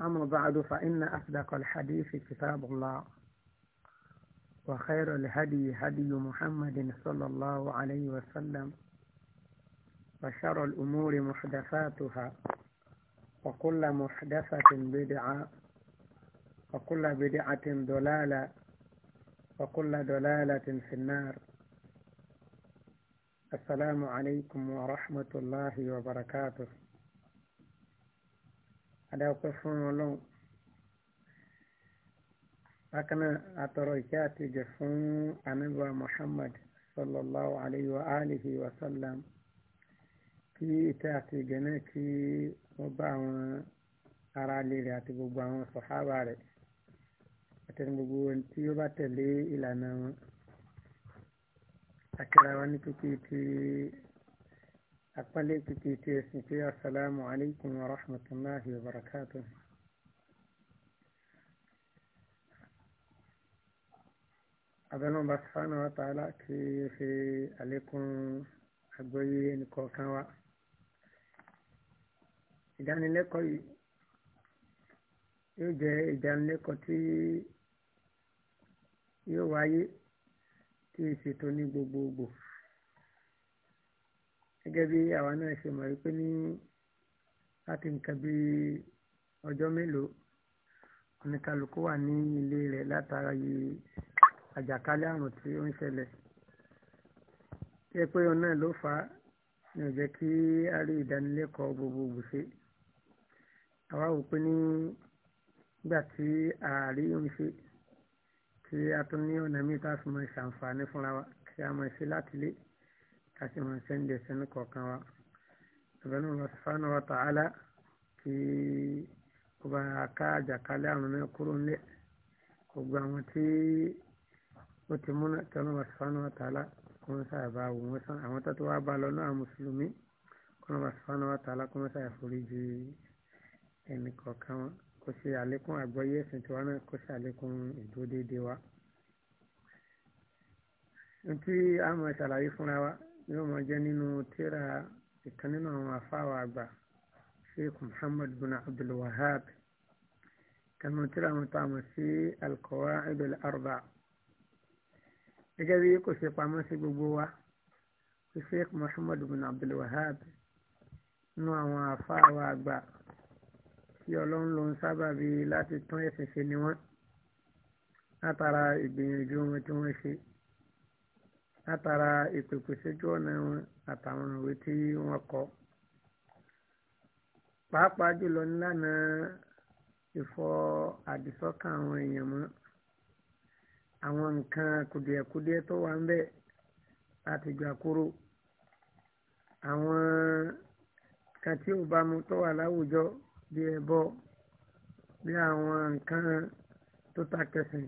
أما بعد فإن أصدق الحديث كتاب الله وخير الهدي هدي محمد صلى الله عليه وسلم وشر الأمور محدثاتها وكل محدثة بدعة وكل بدعة ضلالة وكل ضلالة في النار السلام عليكم ورحمة الله وبركاته adáwọ̀pẹ́ fún ọlọ́run bákan náà àtọ̀rọ̀ ìkẹ́ àti ìjẹ fún anábíwá Muhammad sallallahu alayhi wa alihi wa sallam kí ìtẹ́ àti ìjẹ náà kí wọ́n bá àwọn ará ilé àti gbogbo àwọn sọ̀hábà rẹ̀ àtẹnu gbogbo ẹni tí ó bá tẹ̀lé ìlànà wọn akẹ́rẹ́ wa ní kíkí ti àpẹẹlẹ títí tí ẹ sì pé asalaamu alaykum wa rahmatulahi wa barakatu. abẹ́nu bá sàánà wa tààlà kí ẹ fi àlékún àgbọ́yé ẹnìkọ̀ọ̀kan wa. ìdánilẹ́kọ̀ọ́ yìí yóò jẹ́ ìdánilẹ́kọ̀ọ́ tí yóò wáyé tí ìṣètò ní gbogbogbò gẹ́gẹ́ bí àwa náà ṣe mọ̀ wípé ní láti nǹkan bí ọjọ́ mélòó oníkálukú wà ní ilé rẹ̀ látara yìí àjàkálẹ̀ àrùn tí ó ń ṣẹlẹ̀ jẹ́ pé òun náà ló fà á ní ó jẹ́ kí a rí ìdánilẹ́kọ̀ọ́ gbogbogbò ṣe àwa wò pé ní nígbà tí ààrí ń ṣe tí a tún ní ọ̀nà míì tá a fi máa ṣàǹfààní fúnra wa kí a máa ṣe láti lé àti mọ̀ sẹ́ńdẹ̀ sẹ́nu kọ̀ọ̀kan wa ìbẹ̀rù Allah subhanahu wa ta'ala kí ó bá ká àjàkálẹ̀ àrùn náà kúrò ńlẹ̀ gbogbo àwọn tí ó ti múná tí Allah subhanahu wa ta'ala kó ń sàbà wò wọ́n sàn àwọn tó tó wá bá lọ náà mùsùlùmí kó Allah subhanahu wa ta'ala kó ń sàforíjì ẹnì kọ̀ọ̀kan wọn kó ṣe àlékún àgbọ́yé ẹ̀sìn tiwa náà kó ṣe àlékún ìdúródédé wa. ntí a máa ṣàlàyé fúnra wa yóò máa jẹ́ nínú tíra ìkan nínú àwọn afáwà àgbà sheikh muhammad bin abdul wahab kanu tíra wọn tó àmọ̀ sí al-qawaid al-arba gẹ́gẹ́ bí kò ṣe pamọ́ sí gbogbo wa sheikh muhammad bin abdul wahab nínú àwọn afáwà àgbà tí ọlọ́run ń sábà bí láti tún ẹ̀sìn ṣe ni wọ́n látara ìgbìyànjú wọn tí wọ́n ṣe látara ìpèpè sójú ọ̀nà wọn àtàwọn ìwé tí wọ́n kọ pàápàá jùlọ nílànà ìfọ àdìsọ́kàn àwọn èèyàn mọ́ àwọn nǹkan kùdìẹ̀kudiẹ tó wà ń bẹ̀ láti gbà kúrò àwọn kan tí ò bá mu tó wà láwùjọ bí ẹbọ bí àwọn nǹkan tó ta kẹsìn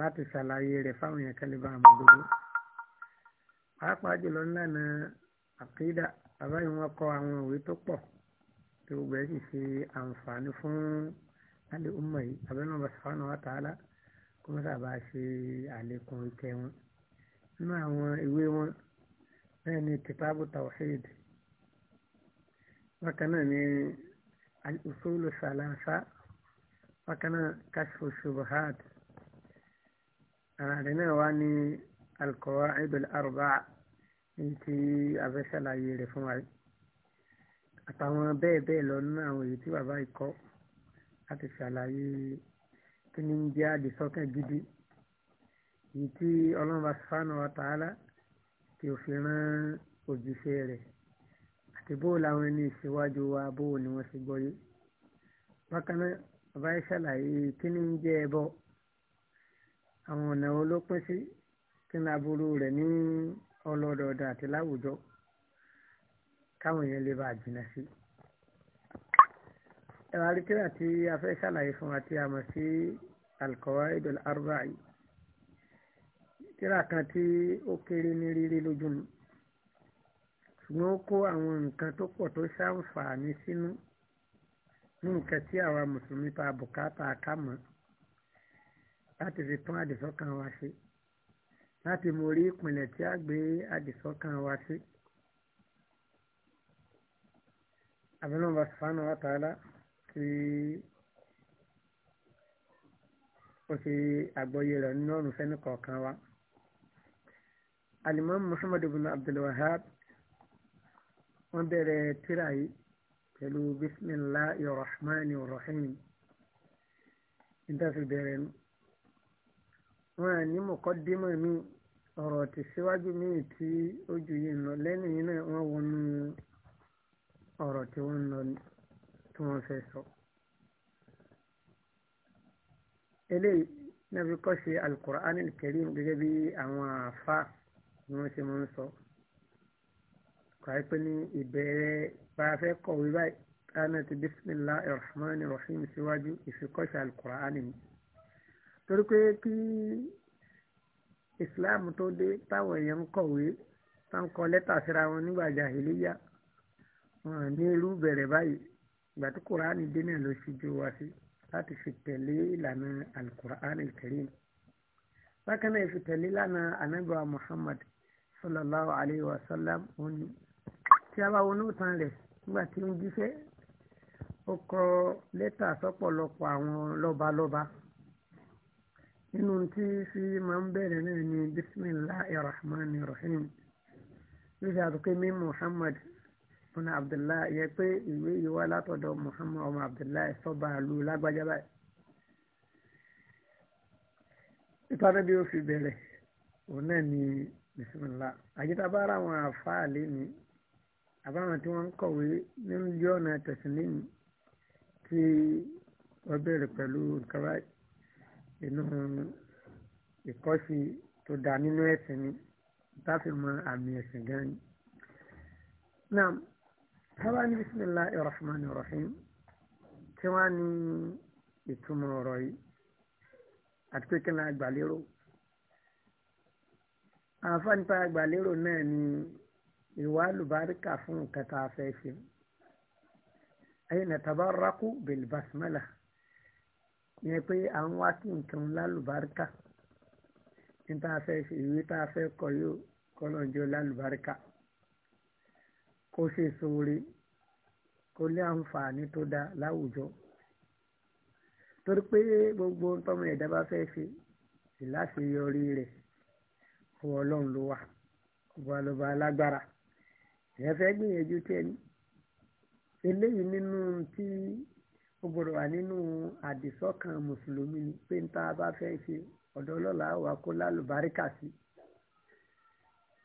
láti ṣàlàyé rẹ̀ fáwọn èèyàn kan lè bá àmọ́ gbogbo pàápàá jùlọ ńlànà àkídà bàbá yìí wọ́n kọ àwọn òwe tó pọ̀ tí gbogbo ẹ̀ sì ṣe àǹfààní fún alẹ́ ọmọ yìí abẹ́nú ọba sàfánà wa tààlà kó wọ́n sábà ṣe àlékún ìkẹ́ wọn nínú àwọn ìwé wọn náà ni kìtàbù tawhid bákan náà ni usulu salasa bákan náà kashfu shubuhat àràdínà wa ni al-qawaid al-arba'a ní tí abẹ́sàlàyé rẹ̀ fún wa àtàwọn bẹ́ẹ̀ bẹ́ẹ̀ lọ nínú àwọn èyí tí bàbá ikọ́ láti ṣàlàyé kí ni ń jẹ́ àdìsọ́kàn gidi èyí tí ọlọ́run bá sánà wa tààlà tí ò fi rán òjíṣẹ́ rẹ̀ àti bó làwọn ẹni ìṣíwájú wa bó ni wọ́n ṣe gbọ́yé bákan náà bàbá yìí ṣàlàyé kí ni ń jẹ́ ẹbọ àwọn ọ̀nà wo ló pín sí kí ni aburú rẹ̀ ní ọlọ́dọọdọ àti láwùjọ káwọn èèyàn lè bá jìnnà sí. ẹ̀rọ àríkẹ́rẹ́ àti afẹ́ ṣàlàyé fún wa tí a mọ̀ sí al-Qawaid al-Arba'i yìí tíra kan tí ó kéré ní rírí lójú mi ṣùgbọ́n ó kó àwọn nǹkan tó pọ̀ tó ṣàǹfààní sínú ní nǹkan tí àwa mùsùlùmí ta bùkátà ká mọ̀ láti fi tún àdìsọ́kàn wa ṣe láti mọ orí ìpìlẹ̀ tí a gbé àdìsọ́kàn wa sí. àbẹ̀lọ́mọba sùfánà wa tààlà tí ó ṣe àgbọ́yé rẹ̀ nínú ọ̀rùn fẹ́ni kọ̀ọ̀kan wa. alimami muhammadu bin abdulwahab wọ́n bẹ̀rẹ̀ tírà yìí pẹ̀lú bisimilahi rahman rahim. nítorí bẹ̀rẹ̀ nù wọn ní mọ̀kọ́dímọ̀ mi ọ̀rọ̀ ti síwájú mi tí ó ju yìí lọ lẹ́nu yìí náà wọ́n wọnú ọ̀rọ̀ tí wọ́n lọ tí wọ́n fẹ́ sọ. eléyìí náà fi kọ́ ṣe alukur'an karim gẹ́gẹ́ bí àwọn àfa ni wọ́n ṣe máa ń sọ. kàí pé ní ìbẹ̀rẹ̀ bá a fẹ́ kọ̀wé báyìí kánà ti bisimilahi rahman rahim síwájú ìfikọ́ṣe alukur'an ni torí pé kí Islam tó dé táwọn èèyàn ń kọ̀wé tá ń kọ lẹ́tà síra wọn nígbà jàhìlíyà wọn ní irú bẹ̀rẹ̀ báyìí ìgbà tí kùránì dé náà ló ṣíjú wa sí láti fi tẹ̀lé ìlànà alukur'anil karim bákan náà fi tẹ̀lé ìlànà anábìwá Muhammad sallallahu alayhi wa sallam òní tí a bá wọnú tán rẹ̀ nígbà tí ó ń jíṣẹ́ ó kọ lẹ́tà sọ́pọ̀lọpọ̀ àwọn lọ́balọ́ba nínú tí fi máa ń bẹ̀rẹ̀ náà ni bisimilahi rahman rahim ló ṣe àtúnkẹ́ mi muhammad ọ̀nà abdullahi yẹ pé ìwé yìí wá látọ̀dọ̀ muhammad ọmọ abdullahi sọ́ba àlù lágbájá báyìí. ìtọ́jú bí ó fi bẹ̀rẹ̀ òun náà ni bisimilah àjẹtà bá ara àwọn àfáà lé àbáwọn tí wọ́n ń kọ̀wé ní mílíọ̀nù tẹ̀sán tí wọ́n bẹ̀rẹ̀ pẹ̀lú nǹkan báyìí inú ìkọ́sí tó dá nínú ẹ̀sìn ni láti mọ àmì ẹ̀sìn gan ni. náà sábà ní bisimilahi rahman rahim tí wọ́n ní ìtumọ̀ ọ̀rọ̀ yìí àti pé kí n la gbàlérò àǹfàànípa àgbàlérò náà ni ìwà àlùbáríkà fún nǹkan tá ṣe ayé na tabarraku bil basmala ìyẹn pé à ń wá kí nǹkan lálùbáríkà ní tá a fẹ́ ṣe ìwé tá a fẹ́ kọ yóò kọ́lọ́njọ́ lálùbáríkà kó ṣe sóore kó lé àǹfààní tó dáa láwùjọ torí pé gbogbo tọmọ ẹ̀dá bá fẹ́ ṣe ìláṣeyọrí rẹ̀ ọwọ́ ọlọ́run ló wà ọba lọba alágbára ìyẹn fẹ́ gbìyànjú tẹ́ni eléyìí nínú tí ó gbọ́dọ̀ wà nínú àdìsọ́kàn mùsùlùmí ni pé n ta bá fẹ́ ṣe ọ̀dọ̀ ọlọ́lá wà kó lálùbáríkà sí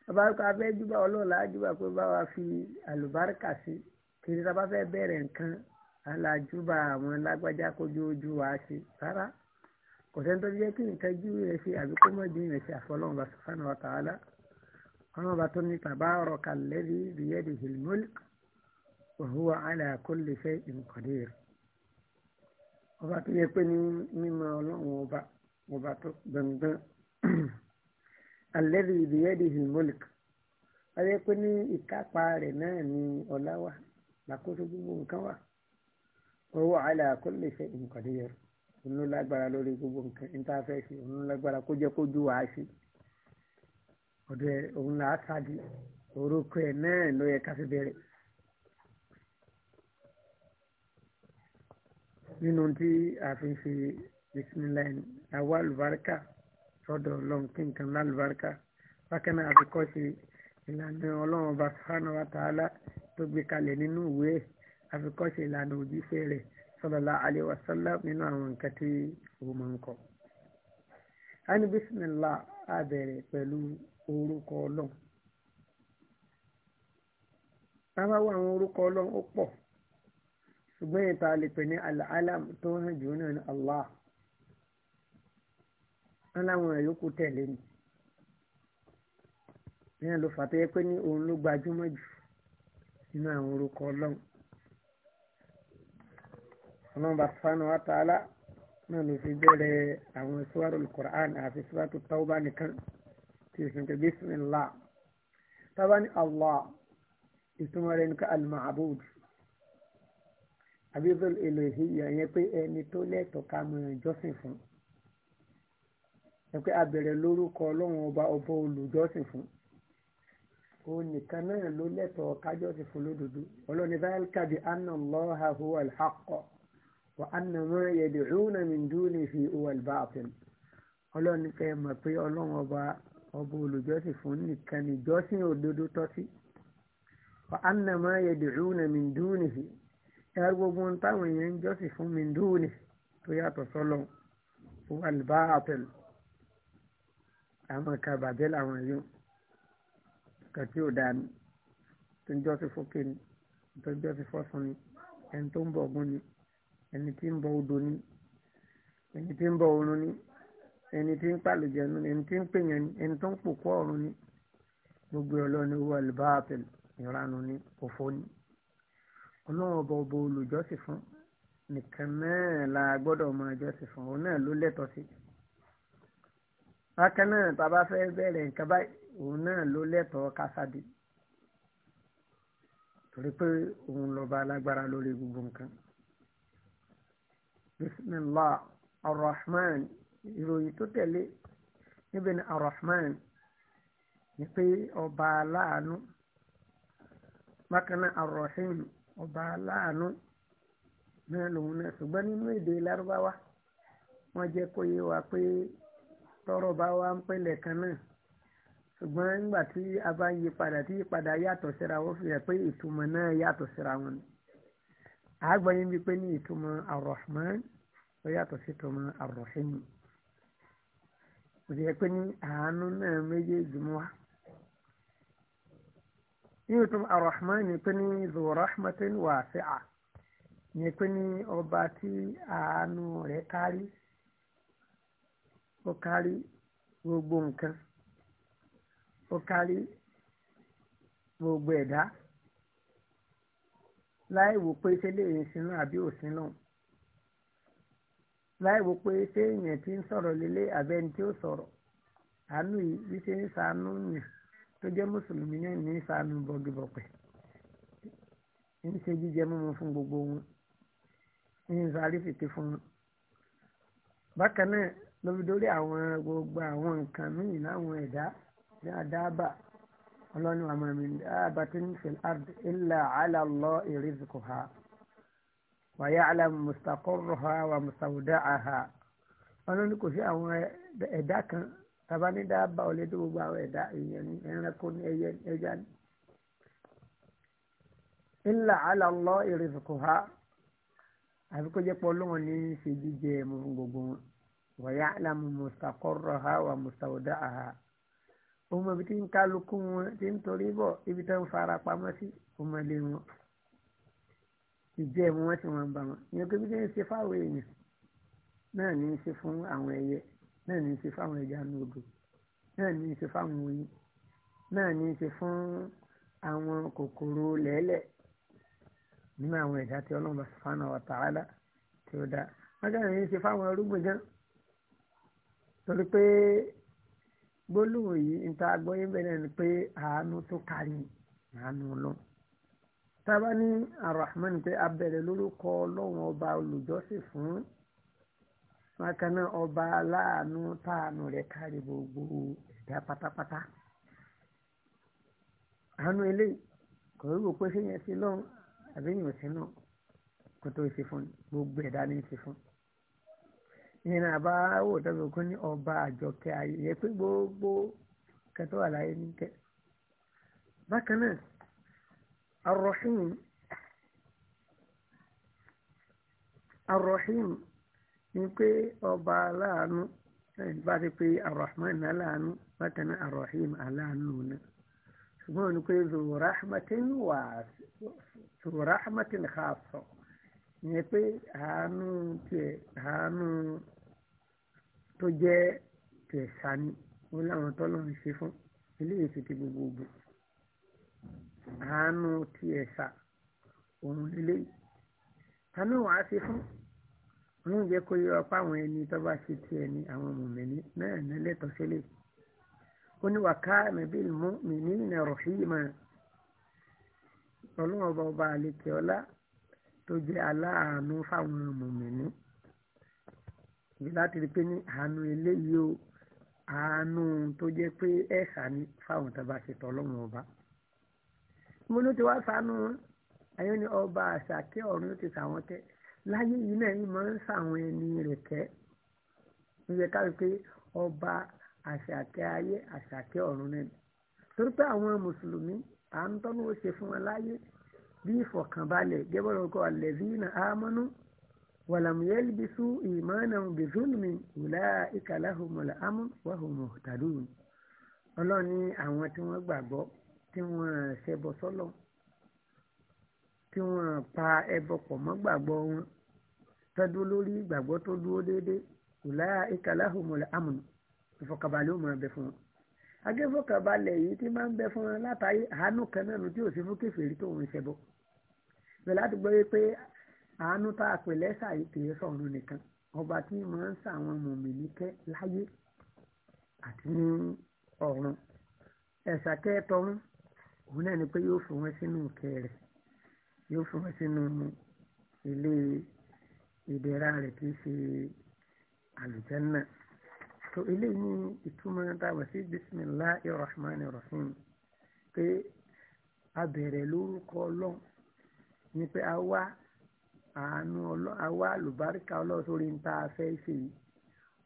tabarika fẹ́ júbà ọlọ́lá júbà pé bá wa fi àlùbáríkà sí kiri tá a bá fẹ́ bẹ̀rẹ̀ nǹkan alájúbà àwọn lágbájá kójú ojú wa ṣe rárá kò sẹ́ni tó jẹ́ kí nǹkan jú rẹ̀ ṣe àbí kó mọ̀ jú rẹ̀ ṣe àfọlọ́run bá subhanahu wa ta'ala ọlọ́run bá tó ní tabaraka alladhi biyadihil mulk wa huwa ala kulli shay'in qadir ọba tó yẹ pé ní mímọ̀ ọlọ́run ọba ọba tó gbọ̀ngbọ̀n alẹ́bí ìdíyẹ́dì himolik ọba yẹ pé ní ìkápá rẹ̀ náà ni ọlá wà lákòóso gbogbo nǹkan wà owó àlà kulli shay'in qadir òun ló lágbára lórí gbogbo nǹkan íńtáfẹ́ẹ̀sì òun ló lágbára kó jẹ́ kó wàá sí ọ̀dọ̀ òun là á sáájú orúkọ ẹ̀ náà ló yẹ ká fi bẹ̀rẹ̀. nínú tí a fi ń ṣe bisimilayi àwa àlùbáríkà sọ́dọ̀ ọlọ́run kí nǹkan lálùbáríkà bákan náà àfi kọ́ ṣe ìlànà ọlọ́run ọba sàánà wa tààlà tó gbé kalẹ̀ nínú ìwé ẹ̀ àfi kọ́ ṣe ìlànà òjíṣẹ́ rẹ̀ sọlọ́lá alẹ́ wasálà nínú àwọn nǹkan tí ó máa ń kọ́. a ní bisimilá a bẹ̀rẹ̀ pẹ̀lú orúkọ ọlọ́run. táwa wà àwọn orúkọ ọlọ́run ó pọ̀ ṣùgbọ́n yẹn ta lè pè ní al'alam tó hàn jù náà ní Allah aláwọn ẹ̀yọ́ kò tẹ̀lé ni ní ẹ̀ ló fà tó yẹ pé ní òun ló gbajúmọ̀ jù nínú àwọn orúkọ ọlọ́run ọlọ́run bá sánú àtàlá náà ló fi bẹ̀rẹ̀ àwọn sùwárò abibul elohiyya yẹn pé ẹni tó lẹ́tọ̀ọ́ ká mọ ìjọsìn fún ẹ pé a bẹ̀rẹ̀ lórúkọ ọlọ́run ọba ọba olùjọsìn fún òun nìkan náà ló lẹ́tọ̀ọ́ kájọ́sìn fún lódodo ọlọ́ni dhalika bi anna Allaha huwa al-haqq wa anna ma yad'una min dunihi huwa al-batil ọlọ́ni kẹ́ mọ̀ pé ọlọ́run ọba ọba olùjọsìn fún nìkan ìjọsìn òdodo tọ́sí wa anna ma yad'una min dunihi ẹ̀rọ gbogbo ohun táwọn èèyàn ń jọ́sìn fún mi dúró tó yàtọ̀ sọ́lọ́ fún àlùbá àpẹl àwọn kan bàjẹ́ làwọn yóò kan tí ò dáa ni tó ń jọ́sìn fókè ni tó ń jọ́sìn fọ́sùn ni ẹni tó ń bọ Ògún ni ẹni tí ń bọ odò ni ẹni tí ń bọ oòrùn ni ẹni tí ń pàlùjẹ ni ẹni tí ń pèèyàn ni ẹni tó ń pòkó ọ̀run ni gbogbo ọlọ́ni owó àlùbá àpẹl ìranu ni òfò ni ọlọ́run ọba ọba olùjọ́sìn fún nìkan náà la gbọ́dọ̀ máa jọ́sìn fún òun náà ló lẹ́tọ̀ọ́ sí bákan náà tá a bá fẹ́ bẹ̀rẹ̀ nǹkan báyìí òun náà ló lẹ́tọ̀ọ́ kásádì torí pé òun lọ́ba alágbára lórí gbogbo nǹkan bismillah arrahman ìròyìn tó tẹ̀lé níbi ni arrahman ni pé ọba aláàánú bákan náà arrahim ọba aláàánú náà lòun náà ṣùgbọ́n nínú èdè lárúbáwá wọ́n jẹ́ kó yé wa pé tọrọ bá wa ń pẹ́lẹ̀ kan náà ṣùgbọ́n nígbà tí a bá ń yí padà tí ìpadà yàtọ̀ síra wọ́n fi hàn pé ìtumọ̀ náà yàtọ̀ síra wọn ni àgbọ̀nyé bíi pé ní ìtumọ̀ Ar-Rahman ó yàtọ̀ sí ìtumọ̀ Ar-Rahim kò jẹ́ pé ní àánú náà méjèèjì mú wa yíò tó arahman ní pé ní zorahmatin wasi'a ní pé ní ọba tí àánú rẹ̀ kárí ó kárí gbogbo nǹkan ó kárí gbogbo ẹ̀dá láì wò pé ṣé léyìn sínú àbí òsín náà láì wò pé ṣé èèyàn ti ń sọ̀rọ̀ lélẹ̀ àbẹ́ni tí ó sọ̀rọ̀ àánú yìí bí ṣe ń ṣàánú yàn tó jẹ́ mùsùlùmí náà ní sànù bọ́gìbọ̀pẹ̀ ń ṣe jíjẹ mímu fún gbogbo wọn ń sáré fìtí fún wọn bákan náà ló fi dórí àwọn gbogbo àwọn nǹkan míì láwọn ẹ̀dá ní àdáàbà ọlọ́ni wa ma min dabbatin fil ard illa ala Allahi rizquha wa ya'lamu mustaqarraha wa mustawda'aha ọlọ́ni kò sí àwọn ẹ̀dá kan tàbá ní dábà ò lè tó gbogbo àwọn ẹ̀dá èèyàn ní ẹranko ní ẹyẹ ẹja ní. illa ala Allah rizquha àfi kó jẹ́ pọ̀ lóhùn ní ṣe jíjẹ mu fún gbogbo wọn wa ya'lamu mustaqarraha wa mustawda'aha. òun ibi tí ń kálukú wọn ti ń torí bọ̀ ibi tó ń fara pamọ́ sí ọmọlé wọn. ìjẹ́ mu wọn sì wọn bá wọn ìyẹn kébí tí ń ṣe fáwọn èèyàn náà ní í ṣe fún àwọn ẹyẹ náà ní í ṣe fáwọn ẹja ní odò náà ní í ṣe fáwọn oyin náà ní í ṣe fún àwọn kòkòrò lẹ́lẹ̀ nínú àwọn ẹ̀dá tí ọlọ́run subhanahu wa ta'ala tí ó dá wájú àwọn ẹ̀yìn ṣe fáwọn irúgbìn gan torí pé gbólóhùn yìí ń ta gbọ́ yín bẹ́ẹ̀ ni pé àánú tó kárí àánú lọ tábà ní arahman pé abẹ̀rẹ̀ lórúkọ ọlọ́run ọba olùjọ́sìn fún maka na ọba ala anụ taa nụrị karịbụ gburu bịa patapata anụ ele ka ọ kwesị ya si lọ abe nyo si nọ kọta osi fun gbogbo ẹda ni osi fun ihe na aba awo dabe oku ni ọba ajọke ayi ya pe gbogbo kẹtọ ala ayi ni nke bakana náà arọhìn ni pé ọba aláàánú bá ti pé arahman aláàánú bákan náà arahim aláàánú náà ṣùgbọ́n ni pé zurahmatin wàásù zurahmatin khasọ ìyẹn pé àánú tiẹ̀ àánú tó jẹ́ tiẹ̀ sani ó láwọn tọ́lọ́ ń ṣe fún eléyìí ti ti gbogbogbò àánú tiẹ̀ sà òun eléyìí ta wàá ṣe fún wọn jẹ́ kó yọ apá àwọn ẹni tó bá ṣe tiẹ̀ ní àwọn mùmíní náà ní lẹ́tọ̀ọ́ sílẹ̀ ó ní wàká mẹ́bíl mú mi ní ìnà rọ̀ṣíìmọ̀ ọlọ́run ọba ọba àlekè ọlá tó jẹ́ aláàánú fáwọn mùmíní ibi láti rí pé ní àánú eléyìí o àánú tó jẹ́ pé ẹ̀ṣà ní fáwọn tó bá ṣe tọ́ ọlọ́run ọba mo ló ti wá sánú ayé ni ọba àṣà kí ọ̀run ti sàwọn tẹ́ láyé yìí náà yìí máa ń sàwọn ẹni rẹ̀ kẹ́ ń yẹ ká rí pé ọba àṣàkẹ́ ayé àṣàkẹ́ ọ̀run náà torí pé àwọn mùsùlùmí à ń tọ́nu ó ṣe fún wọn láyé bí ìfọ̀kànbalẹ̀ gẹ́gbọ́dọ̀ kọ́ alladhina amanu walam yalbisu imanahum bizulmin ulaika lahumul amn wa hum muhtadun ọlọ́ni àwọn tí wọ́n gbàgbọ́ tí wọ́n ṣẹbọ sọ́lọ́ tí wọ́n pa ẹbọ pọ̀ mọ́ gbàgbọ́ wọn tọ́dún lórí ìgbàgbọ́ tó dúró déédéé kò láyà ìkàláhùnmọ̀lẹ̀ amùn ìfọkàbalẹ̀ ó máa bẹ fún wọn. agẹ́fọkàbalẹ̀ yìí tí máa ń bẹ fún wọn látàrí àánú kan náà nu tí ò sí fún kèfèrí tó ń ṣẹbọ. bẹ́ẹ̀ láti gbọ́ pé àánú tá a pè lẹ́sà yìí kì í sọ̀run nìkan ọba tí máa ń sàwọn mọ̀mìníkẹ́ láyé àti ní ọ̀run ẹ̀sà kẹ́ẹ̀tọ́rún òun náà ni pé yóò fún wọn sínú ìkẹ́ ìdẹ̀ra rẹ̀ kì í ṣe àlùjànnà tó eléyìí ní ìtumọ̀ dáwọ̀ sí bisimilahi rahman rahim pé a bẹ̀rẹ̀ lórúkọ ọlọ́run ni pé a wá àánú ọlọ́run a wá àlùbáríkà ọlọ́run sórí níta fẹ́ ṣe yìí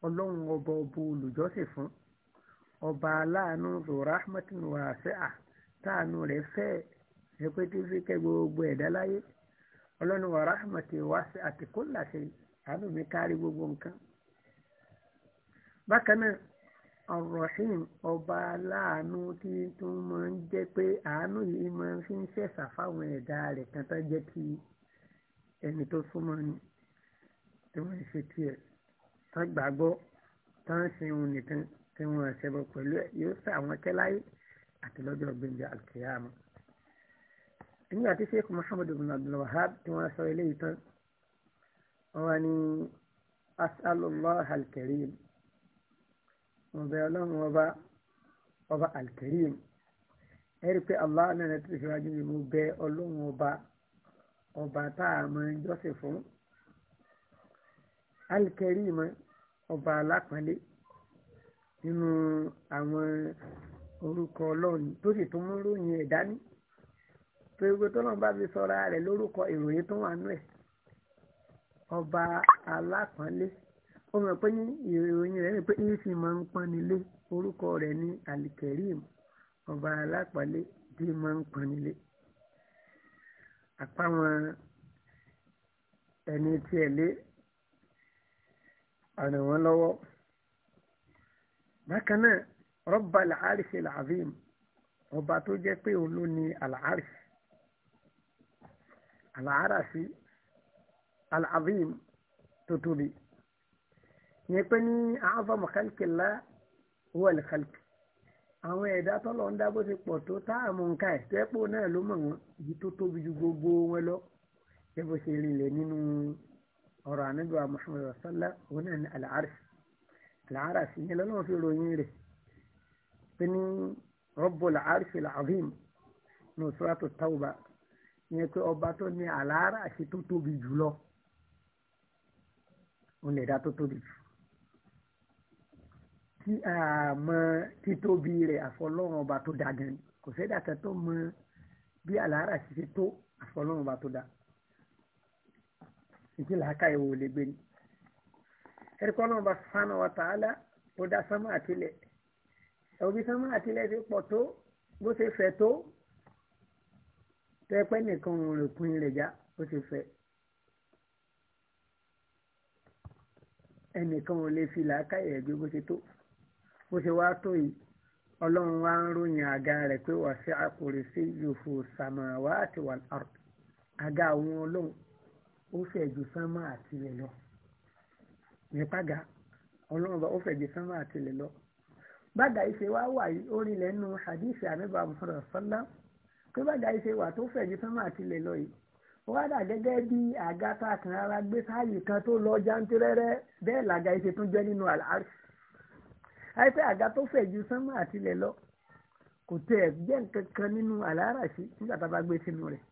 ọlọ́run ọba ọba olùjọ́sìn fún ọba aláàánú zurahmatin wàásẹ́à táànù rẹ̀ fẹ́ ẹ̀ pé tí fi kẹ́ gbogbo ẹ̀dá láyé ọlọ́run wa rahmati wasi'at kulla shay àánú mi kárí gbogbo nǹkan. bákan náà ar-rahim ọba aláàánú tí tó máa ń jẹ́ pé àánú yìí máa fi ń ṣẹ̀ṣà fáwọn ẹ̀dá rẹ̀ kan tó jẹ́ ti ẹni tó súnmọ́ ni tí wọ́n ṣe tiẹ̀ tó gbàgbọ́ tó ń òun nìkan tí wọ́n ṣẹbọ pẹ̀lú ẹ̀ yóò ṣàwọn kẹ́láyé àti lọ́jọ́ gbẹ̀ngàn àkìyàmọ́ nígbà tí sheikh muhammad ibn abdul wahab tí wọ́n sọ eléyìí tán wọ́n ní asalullah alkarim wọ́n bẹ ọlọ́run ọba ọba alkarim ẹ̀rí pé allah náà ti ṣíwájú mi mo bẹ ọlọ́run ọba ọba tá a mọ jọ́sìn fún alkarim ọba alápọ̀nlé nínú àwọn orúkọ ọlọ́run tó sì tún mú ròyìn ẹ̀ gbogbo tọ́lọ́n bá fi sọ̀ra rẹ̀ lórúkọ ìròyìn tó wà nú ẹ̀ ọba alápọ̀nlé ó mọ̀ pé ìròyìn rẹ̀ ni pé ìsì máa ń pọ́n nílé orúkọ rẹ̀ ní alikerim ọba alápọ̀nlé tí máa ń pọ́n nílé àpáwọn ẹni tiẹ̀ lé ọ̀nà wọn lọ́wọ́ bákan náà rọ́bà làárìṣe làvim ọba tó jẹ́ pé òun ló ní àlàárìṣe àlàáràṣí alàbíìm tó tóbi ní pé ní àwọn mọ̀kálkìlá wọ́n kálkì àwọn ẹ̀dá tọ́lọ̀ ń dábò ti pọ̀ tó táàmù nǹka ẹ̀ tẹ́pọ̀ náà ló mọ̀ wọ́n èyí tó tóbi ju gbogbo wọn lọ ṣé bó ṣe rinlẹ̀ nínú ọ̀rọ̀ ànábì wa Muhammad rasala òun náà ní alàáràṣí fi ròyìn rẹ̀ pé ní rọ́bù alàáràṣí alàbíìm ní ìyẹn pé ọba tó ní àlàárà ṣe tó tóbi jù lọ òun lè dá tó tóbi jù tí a mọ títóbi rẹ̀ àfọlọ́run ọba tó da gan kò sẹ́dà kan tó mọ bí àlàárà ṣe ṣe tó àfọlọ́run ọba tó da ìdí làákà ìwò lè gbé ni ẹ̀ríkọ́ náà bá sánà wa tààlà ó dá sánmà àtìlẹ̀ òbí sánmà àtìlẹ̀ ti pọ̀ tó bó ṣe fẹ̀ tó tẹ́pẹ́ nìkan òun rè pin rẹ̀ já ó ti fẹ́ ẹnìkan ò lè fi làákàyè ju bó ṣe tó bó ṣe wá tó yìí ọlọ́run wá ń ròyìn àga rẹ̀ pé wà sí àkùrẹ́ sí yòfò sàmàwá àti wà lárùn àga àwọn ọlọ́run ó fẹ̀ ju sánmà àti ilẹ̀ lọ nípàgà ọlọ́run bá ó fẹ̀ sánmà àti ilẹ̀ lọ bàgà ìṣe wá wà yìí ó rí lẹ́nu hadith àmì bàbá muhammad sallallahu tó bàjá ìṣe wà tó fẹ̀ ju sánmà tilẹ̀ lọ yìí ó wá dà gẹ́gẹ́ bí àgàtà kan ara gbé sáàyè kan tó lọ jántẹ́rẹ́rẹ́ bẹ́ẹ̀ làjà ìṣe tún jẹ́ nínú àlàáfíà àìpẹ́ àga tó fẹ̀ ju sánmà àtilẹ̀ lọ kò tẹ̀ jẹ́ nǹkan kan nínú àlàáràṣí nígbà tá a bá gbé sínú rẹ̀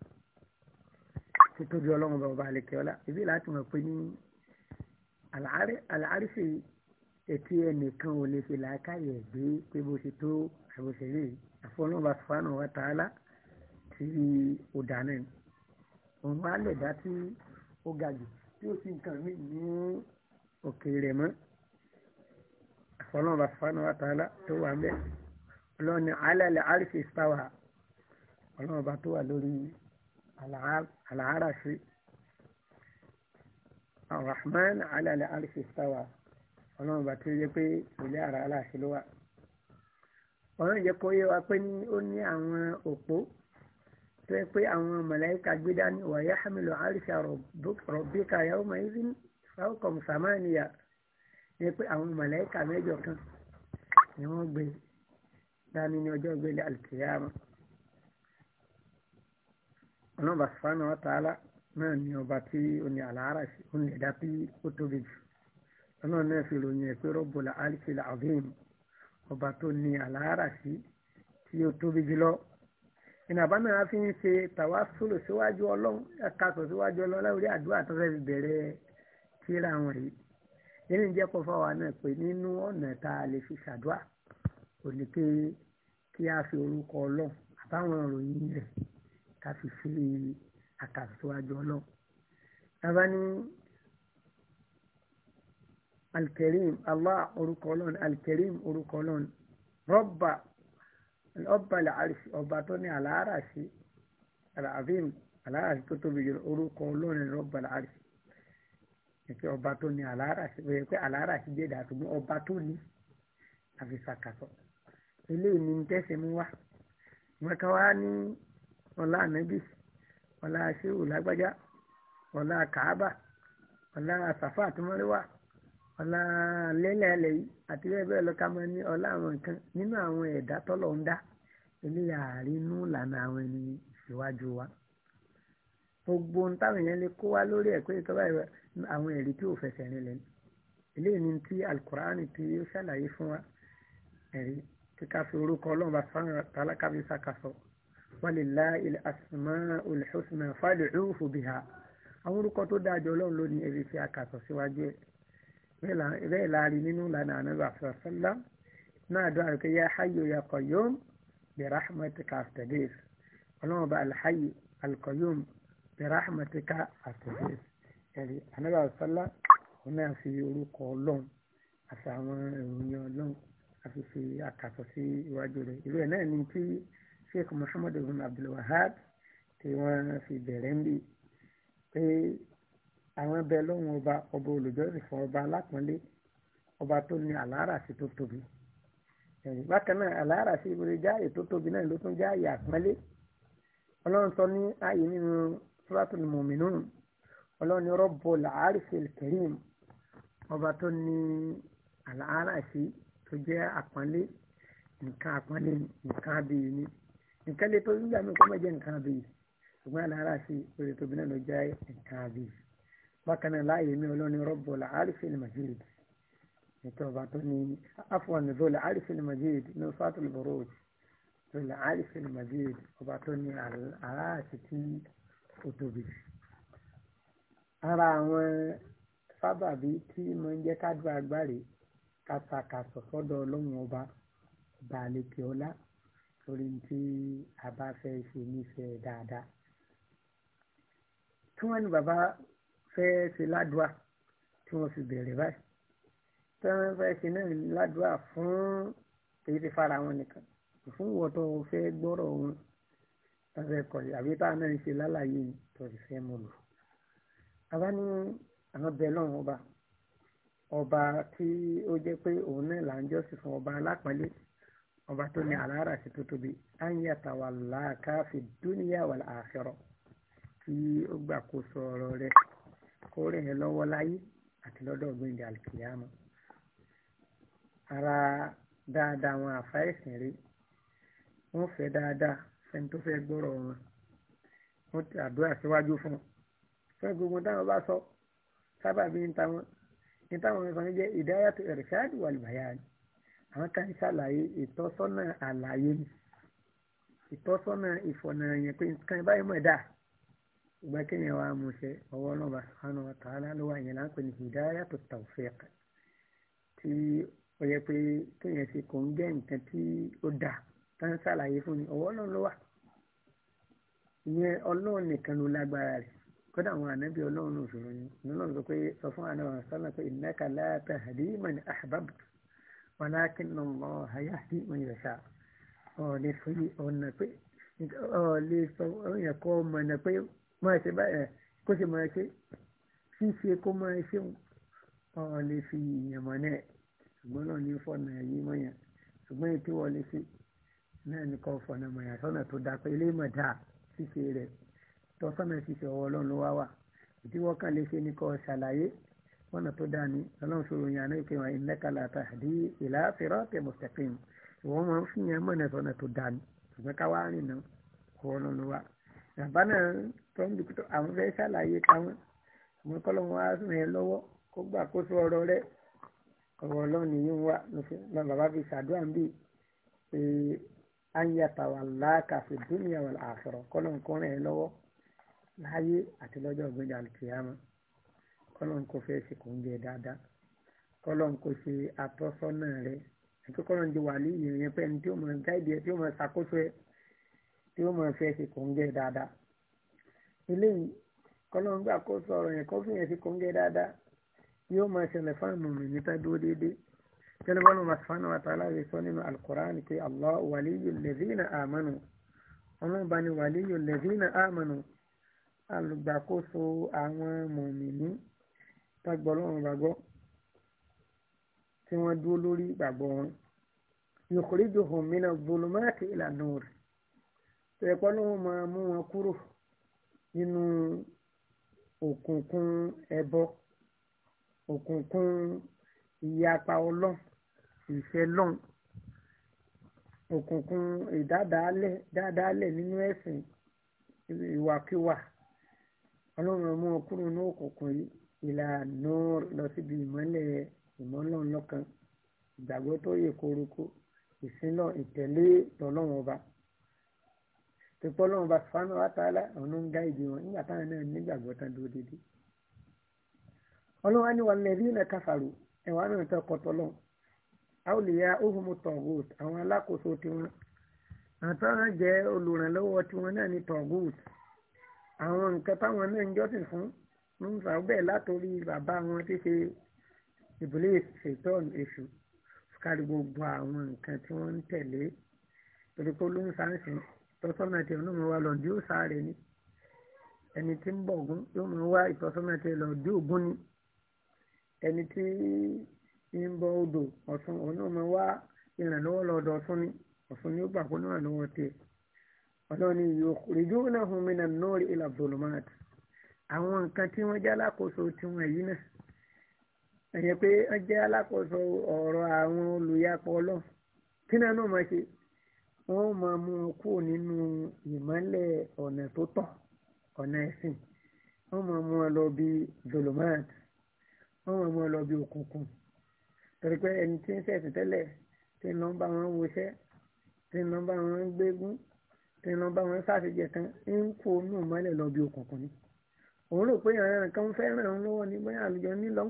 títóbi ọlọ́run bàbá àlekẹ́ ọlá ibi láti mọ̀ pé ní àlàárìṣe ètí ẹnìkan ò lè fi làákàyè gbé pé bó ṣe tó àbòṣe rí àfọlọ́run bá sùfàánù wa tààlà tí ó dá náà òun wá lè dá tí ó ga jù tí ó sì nǹkan mí ní òkè rẹ̀ mọ́ àfọlọ́run bá fana wa tààlà tó wà mẹ́ ọlọ́run ní alẹ́lẹ́ àríṣe ìstáwà ọlọ́run bá tó wà lórí àlàárà sí arahman alẹ́lẹ́ àríṣe ìstáwà ọlọ́run bá tó yẹ pé ilé ara aláṣẹ ló wà ọlọ́run yẹ kó yẹ wa pé ó ní àwọn òpó tó yẹ pé àwọn mọ̀láìkà gbé dání wa yahmilu arsha rabbika yawma idhin fawqahum samaniya ní pé àwọn mọ̀láìkà mẹ́jọ kan ni wọ́n gbé dání ní ọjọ́ ìgbélé alkiyama ọlọ́ba sùfánà wa náà ni ọba tí ó ní àlàárà sí ó ní ẹ̀dá tí ó tóbi jù ọlọ́run náà fi ròyìn ẹ̀ pé Rabbul arshil azim ọba tó ní àlàárà sí tí ó tóbi jù lọ ìnà àbá náà fi ń ṣe tàwásùlù síwájú ọlọ́run ẹ̀ka sọ síwájú ọlọ́run lórí àdúrà tó fẹ́ẹ́ fi bẹ̀rẹ̀ tíra wọn yìí nínú ìjẹ́ kọ́ fáwa náà pé nínú ọ̀nà tá a lè fi ṣàdúrà kò ní pé kí a fi orúkọ ọlọ́run àbáwọn ìròyìn rẹ̀ ká fi ṣe àkàsọ̀ síwájú ọlọ́run. tábà ní alkerim Allah orúkọ ọlọ́run alkerim orúkọ ọlọ́run rọ́bà ọ̀bàlẹ̀ àrìsí ọba tó ní àlàáràṣí àlàáfíìm àlàáràṣí tó tóbi jùlọ orúkọ olórin ọba tó ní àlàáràṣí wọ́n yẹ pé àlàáràṣí jẹ́ ọba tó ní àfi sàkàtọ̀ eléyìí ni tẹ́sẹ̀ mú wá wọn kan wá ọla ọlá ọla ọlá gbaja ọla kaaba ọla safa ọ̀la lẹ́lẹ̀ alẹ́ yìí àti bẹ́ẹ̀ bẹ́ẹ̀ lọ ká máa ní ọlá àwọn nǹkan nínú àwọn ẹ̀dá tọ́lọ̀ ń dá eléyà àrínú ìlànà àwọn ẹni ìṣíwájú wa gbogbo ohun táwọn èèyàn lè kó wá lórí ẹ̀kọ́ ìtọ́ba àwọn ẹ̀rí tí ò fẹsẹ̀ rinlẹ̀ ni eléyìí ni ti alukur'ani tí ó ṣàlàyé fún wa ẹ̀rí tí fi orúkọ ọlọ́run bá sáwọn tálákà fi ṣàkàṣọ walillahi al-asma'ul husna fad'uhu biha àwọn orúkọ tó dáa jọ ọlọ́run ló ẹ̀rí fi àkàṣọ síwájú ẹ̀ bẹ́ẹ̀ láàrin nínú lànà ànábà sọ̀sọ́lá náà dùn àrùkọ yá hayyu yá qayyum bi rahmatika astagis ọlọ́run bá alhayyu alqayyum bi rahmatika astagis ẹ̀rí ànábà sọ̀sọ́lá òun náà fi orúkọ ọlọ́run àti àwọn ìròyìn ọlọ́run àti fi àkàtọ̀ sí iwájú rẹ̀ ìlú ẹ̀ náà ní tí sheikh muhammad ibn abdul wahab tí wọ́n fi bẹ̀rẹ̀ ń bì pé àwọn ẹbẹ lọ́wọ́n ọba ọba olùjọ́sìn fún ọba alápọ̀nlé ọba tó ní àláràsí tó tóbi bákan náà àláràsí ìwúre jáàyè tó tóbi náà ló tún jáàyè àpọ́nlé ọlọ́run sọ ní ààyè nínú suratul mu'minun ọlọ́run ní rabbul arshil karim ọba tó ní àláràsí tó jẹ́ àpọ́nlé nǹkan àpọ́nlé nǹkan abiyì ni nǹkan lè tó ń gbà mí kọ́ mọ́ jẹ́ nǹkan abiyì ṣùgbọ́n àláràsí ìwúre tóbi náà ló jẹ́ nǹkan abiyì bákan náà láàyè mi ọlọ́ni rọ́bọ̀lá àrífẹ́ ní majid ètò ọba tó ní afwan zola àrífẹ́ ní majid ní fatul burud zola àrífẹ́ ní majid ọba tó ní aláàṣì tí ó tóbi. ara àwọn sábàbí tí mo ń jẹ́ kádùn agbárí kàtàkàtọ̀ sọ́dọ̀ ọlọ́run ọba balẹ̀kẹ́ ọlá torí tí a bá fẹ́ ṣe nífẹ̀ẹ́ dáadáa. tí wọ́n ní bàbá fẹ́ẹ́ ṣe ládùá tí wọ́n fi bẹ̀rẹ̀ báyìí tí wọ́n fẹ́ẹ́ ṣe náà ládùá fún èyí tí fara wọn nìkan fún wọ́tọ̀ fẹ́ gbọ́rọ̀ wọn tàbí ẹ̀kọ́ àbí táwọn náà ń ṣe lálàyé tọ̀rí fẹ́ mọ̀ lò. àbá ní àwọn bẹ́ẹ̀ lọ́rùn ọba ọba tí ó jẹ́ pé òun náà là ń jọ́sìn fún ọba alápọ̀nlé ọba tó ní alára sí tó tóbi á ń wà láàká fi dúníyà wà láàfẹ́rọ̀ kí ó gbàkóso ọ̀rọ̀ rẹ̀ kó rìn ní lọ́wọ́ láyé àti lọ́dọ̀ gbẹ̀ndẹ̀ alkiyama ara dáadáa wọn àfáìsìn rí wọn fẹ́ dáadáa fẹ́ni tó fẹ́ gbọ́rọ̀ wọn wọn ti àdúrà síwájú fún un fẹ́ gbogbo táwọn bá sọ sábàbí ń ta wọn ní táwọn sọ ní jẹ́ ìdáyàtọ̀ ẹ̀rẹ̀ṣáàdì wà lùbáyà ni àwọn kan ń ṣàlàyé ìtọ́sọ́nà àlàyé ni ìtọ́sọ́nà ìfọ̀nà ẹ̀yìn pé nǹkan báyìí mọ̀ dáa ìgbà kí ni ẹ wá mú ṣe ọwọ́ ọlọ́ba subhanahu wa ta'ala ló wà yẹn láǹpẹ́ ní hidayatu tawfiq tí ó yẹ pé kéèyàn ṣe kò ń gẹ́ nǹkan tí ó dà tá ń ṣàlàyé fún mi ọwọ́ ọlọ́run ló wà ìyẹn ọlọ́run nìkan ló lágbára rẹ̀ kódà àwọn ànábì ọlọ́run òṣòro ni ọlọ́run sọ pé sọ fún ànábì sọ́nà pé innaka la tahdi man ahbabta ọ̀nà pé ọ̀ lè sọ ọ̀nà pé máa ṣe báyìí kó ṣe máa ṣe ṣíṣe kó máa ṣe ọ̀rọ̀ lè fi ìyàn mọ́ náà ṣùgbọ́n náà ní fọ̀nà ẹ̀yìn mọ́yàn ṣùgbọ́n ètò wọlé sí náà ní kọ́ fọ̀nà mọ̀yàn sọ́nà tó dáa pé ilé mọ̀ dáa ṣíṣe rẹ̀ tọ́sọ́nà ṣíṣe ọwọ́ ọlọ́run ló wá wà ìdíwọ́ kan lè ṣe ní kọ́ ṣàlàyé fọ̀nà tó dáa ní ọlọ́run ṣòro yàn la tahdi ila siratin mustaqim ìwọ́n máa ń fi yàn mọ̀nà sọ́nà tó dáa ní ṣùgbọ́n ká wá rìn tó ń dùkú tó àwọn fẹ́ ṣàlàyé táwọn àwọn kọ́lọ́mù wa ràn ẹ́ lọ́wọ́ kó gbà kó sọ ọ̀rọ̀ rẹ̀ ọ̀rọ̀ ọlọ́run nìyí ń wá lọ bàbá fi ṣàdúrà ń bì pé ayàtà wà láàkà fi dúnìyà wà àfọ̀rọ̀ kọ́lọ́mù kó ràn ẹ́ lọ́wọ́ láyé àti lọ́jọ́ ògbéjà kìámà kọ́lọ́mù kó fẹ́ ṣe kò ń jẹ dáadáa kọ́lọ́mù kó ṣe atọ́sọ́nà rẹ̀ ẹ̀kọ́ kọ́lọ́mù ti wà ní ìyẹn pẹ́ tí ó mọ̀ gáìdì ẹ̀ tí ó mọ̀ ṣàkóso ẹ̀ tí ó mọ̀ fẹ́ ṣe kò dáadáa eléyìí kọ́lọ́n gbà kó sọ ọ̀rọ̀ yẹn kó fi yẹn sí kóńgẹ́ dáadáa yóò máa ṣẹlẹ̀ fáwọn ọmọ mi tá dúró déédéé tẹ́lẹ̀ bọ́lá ọmọ sùfàánù àtàlà rẹ̀ sọ nínú alukoran pé allah wàlíyù lẹ́dínà àmánù ọlọ́ba ni wàlíyù lẹ́dínà àmánù alùgbàkóso àwọn mọ̀mìnì tágbọ́ lọ́rùn gbàgbọ́ tí wọ́n dúró lórí gbàgbọ́ wọn yòkòrí jòhùn mí náà gbólómọ́ àti ìlànà rẹ̀ tẹ̀kọ́ ló máa mú wọn kúrò nínú òkùnkùn ẹbọ òkùnkùn ìyapa ọlọ́n ìfẹ́lọ́n òkùnkùn ìdádálẹ̀ dádálẹ̀ nínú ẹ̀sìn ìwàkiwà ọlọ́run mú ọkùnrin inú òkùnkùn ìlànà lọ síbi ìmọ́lẹ̀ ìmọ́lọ́n lọ́kan ìgbàgbọ́ tó yẹ kórokó ìsinlọ ìtẹ̀lé lọ́lọ́run ọba pípọ́ lọ́wọ́ bá sùfánù àtàlà ọ̀nà ń gá ìdí wọn nígbà táwọn náà nígbàgbọ́ tán dúró dédé ọlọ́wọ́ ni wàlẹ̀ rí iná káfàrú ẹ̀wà náà tẹ́ kọ́tọ́ lọ́wọ́ àwòlíyá óhùnmù tọ̀gùt àwọn alákòóso tiwọn àtọ́nà jẹ́ olùrànlọ́wọ́ tiwọn náà ní tọ̀gùt àwọn nǹkan táwọn náà ń jọ́sìn fún ló ń fà bẹ́ẹ̀ látòrí bàbá wọn ti ṣe ìbílẹ̀ ṣètọ́n èṣù kárí gbogbo àwọn nǹkan tí wọ́n ń tẹ̀lé torí pé ló ń sáǹsìn ìtọ́sọ́nà tí ọ̀nà máa wá lọ dí òòsà ni ẹni tí ń bọ̀ ògún yóò máa wá ìtọ́sọ́nà tí lọ dí ògún ni ẹni tí ń bọ odò ọ̀ṣun ọ̀nà máa wá ìrànlọ́wọ́ lọ́dọ̀ ọ̀ṣun ni ọ̀ṣun ni ó gbà fún ìrànlọ́wọ́ tiẹ̀ ọlọ́run ni yukhrijunahum minan nuri ila dhulumat àwọn nǹkan tí wọ́n jẹ́ alákòóso tiwọn yìí náà ẹ̀yẹ pé wọ́n jẹ́ alákòóso ọ̀rọ̀ àwọn olùyapọ̀ ọlọ́run kí náà náà máa ṣe wọ́n máa mú un kúrò nínú ìmọ́lẹ̀ ọ̀nà tó tọ́ ọ̀nà ẹ̀sìn wọ́n máa mú un lọ bí dolomat wọ́n máa mú un lọ bí òkùnkùn torí pé ẹni tí ń ṣẹ̀sìn tẹ́lẹ̀ tí ń lọ bá wọn wọṣẹ́ tí ń lọ bá wọn gbégún tí ń lọ bá wọn ṣàṣejẹ kan ń kó inú ìmọ́lẹ̀ lọ bí òkùnkùn ni òun rò pé àwọn nǹkan fẹ́ràn òun lọ́wọ́ ní bóyá àlùjọ ní lọ́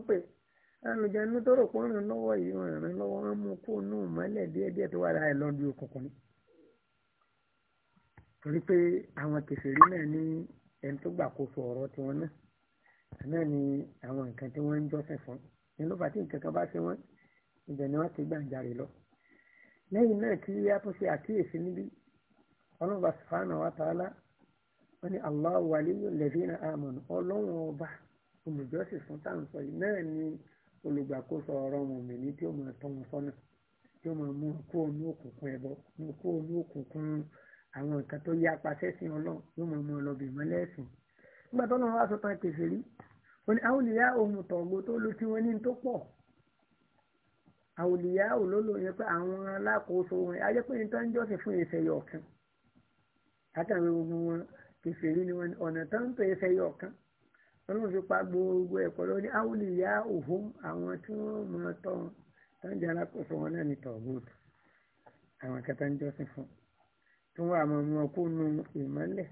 ń ní tó rò pé ràn lọ́wọ́ yìí ràn lọ́wọ́ wọn mú kó inú ìmọ́lẹ̀ díẹ̀díẹ̀ tó wà láì lọ òkùnkùn ni torí pé àwọn kèfèrí náà ní ẹni tó gbàkóso ọ̀rọ̀ tiwọn náà náà ni àwọn nǹkan tí wọ́n ń jọ́sìn fún ní ló fà tí nǹkan kan bá ṣe wọ́n ibẹ̀ ni wọ́n ti gbàǹjarè lọ. lẹ́yìn náà kí yíyá tó ṣe àkíyèsí níbí ọlọ́ba sùfàánà wa tààlà wọ́n ní Allahu waliyyul ladhina amanu ọlọ́run ọba olùjọ́sìn fún táwọn sọ yìí náà ni olùgbàkóso ọ̀rọ̀ mọ̀mìnì tí ó máa tọ́ wọn sọ́nà tí ó máa mú kó omi òkùnkùn ẹbọ mú kó omi òkùnkùn ẹbọ àwọn nǹkan tó yá apàṣẹ sí ọlọ́run yóò mọ ọmọ ọlọ́bì mọ́lẹ̀ ẹ̀sìn nígbà tó lọ́wọ́ aṣọ tán kẹfẹ́ rí ó ní àwòlíyá ohun tọ̀gbọ́ tó lu tí wọ́n ní tó pọ̀ àwòlíyá olólò yẹn pé àwọn alákòóso wọn ayé pé nǹkan ń jọ́sìn fún ìṣẹ̀yọ̀ ọ̀kan látàrí gbogbo wọn kẹfẹ́ rí ni wọn ọ̀nà tán tó ìṣẹ̀yọ̀ ọ̀kan ọlọ́run fi pa gbogbo ẹ̀kọ́ lórí àwòlíyá àwọn tí wọ́n àwọn kẹta ń jọ́sìn tí wọ́n àmọ́ ọmọ kó nu ìmọ́lẹ̀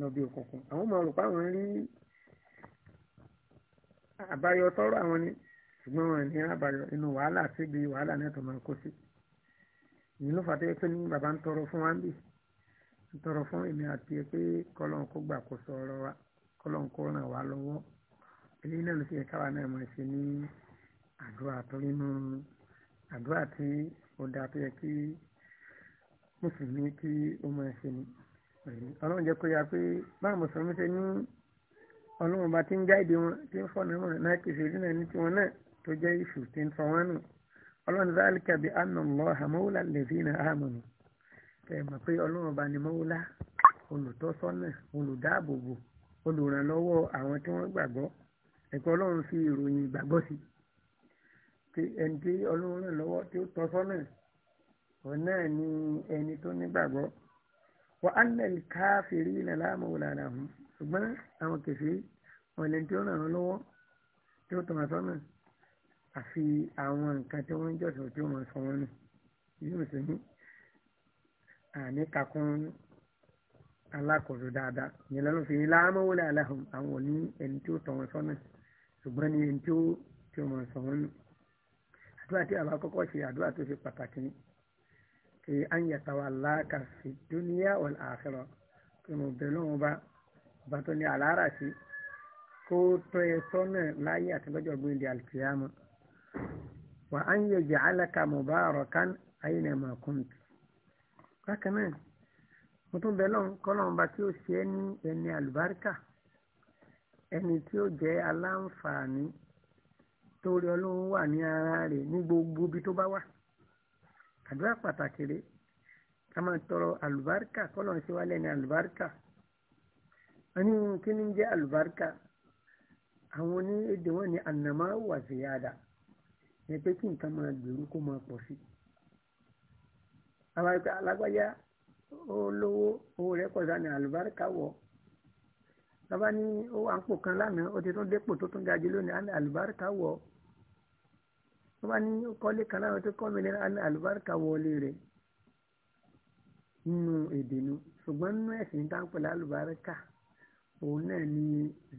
lọ bí òkùnkùn àwọn ọmọ olùkọ́ àwọn rí àbáyọ tọrọ àwọn ni ṣùgbọ́n wọn ní àbáyọ inú wàhálà síbi wàhálà náà tó máa kó sí ìyẹn ló fàtẹ́ pé ní bàbá ń tọrọ fún wa ń bì ń tọrọ fún èmi àti ẹ pé kọlọ́n kó gbà kó sọ ọ̀rọ̀ wa kọlọ́n kó ràn wá lọ́wọ́ eléyìí náà ló fi ẹ̀ka wa náà máa ṣe ní àdúrà tó nínú àdúrà tí ó dáa tó yẹ kí mùsùlùmí kí ó máa ṣe ni ọlọ́run jẹ́ kó yà pé báwọn mùsùlùmí ṣe ní ọlọ́run bá ti ń jáde wọn tí ń fọ̀nà wọn náà kìí ṣe náà ní tiwọn náà tó jẹ́ ìṣù tí ń fọwọ́n nù ọlọ́run zalika bi anna Allaha mawla allazina amanu ẹ mọ̀ pé ọlọ́run bá ní mawla olùtọ́sọ́nà olùdáàbòbò olùrànlọ́wọ́ àwọn tí wọ́n gbàgbọ́ ẹ̀kọ́ ọlọ́run fi ìròyìn ìgbàgbọ́ sí ẹni tí ọlọ́run ràn lọ́wọ́ tí tọ́sọ́nà òun náà ni ẹni tó nígbàgbọ́ wa annal kafirina la mawla lahum ṣùgbọ́n àwọn kẹfìrí wọn lè tí ó ràn án lọ́wọ́ tí ó tọ̀nà sọ́nà àfi àwọn nǹkan tí wọ́n ń jọ̀sọ̀ tí ó mọ̀ sọ wọn nù yóò sì ní àní kakún alákòóso dáadáa ìyẹn lọ́nà fi ní la mawla àwọn ò ní ẹni tí ó tọ̀ sọ́nà ṣùgbọ́n ní ẹni tí ó mọ̀ sọ wọn nù àdúrà tí àbá kọ́kọ́ ṣe àdúrà tó ṣe pàtàkì ni kí á ń yàtà wà láàkà fi dúníyà wal akhirah kí mo bẹ̀ lọ́wọ́n bá bá tó ní àlàárà sí kó tọ́ ẹ sọ́nà láyé àti lọ́jọ́ gbélé alkiyama wà á ń yẹ̀jẹ̀ alaka mubarakan aynama kunt bákan náà mo tún bẹ̀ lọ́wọ́n bá tí ó ṣe é ní ẹni àlùbáríkà ẹni tí ó jẹ́ aláǹfààní torí ọlọ́run wà ní ara rẹ̀ ní gbogbo ibi tó bá wà àdúrà pàtàkì rèé ká máa tọrọ àlùbáríkà kọ́lọ̀ ń ṣe wá lẹ́ni àlùbáríkà wọ́n ní ni jẹ́ àlùbáríkà àwọn oní èdè wọn ni ànàmá wà ziyada ní pé kí nǹkan máa gbèrú kó máa pọ̀ sí àwọn alágbájá olówó owó rẹ̀ kọjá ní àlùbáríkà wọ̀ bàbá ní ó wà ń pò kan lánàá ó ti tún dépò tó tún ga jù lónìí àlùbáríkà wọ̀ wọ́n bá ní kọ́lé kan láwọn tó kọ́ mi ní àlùbáríkà wọlé rẹ̀ nínú èdè nu ṣùgbọ́n nínú ẹ̀sìn táǹpẹ̀ lálùbáríkà òun náà ni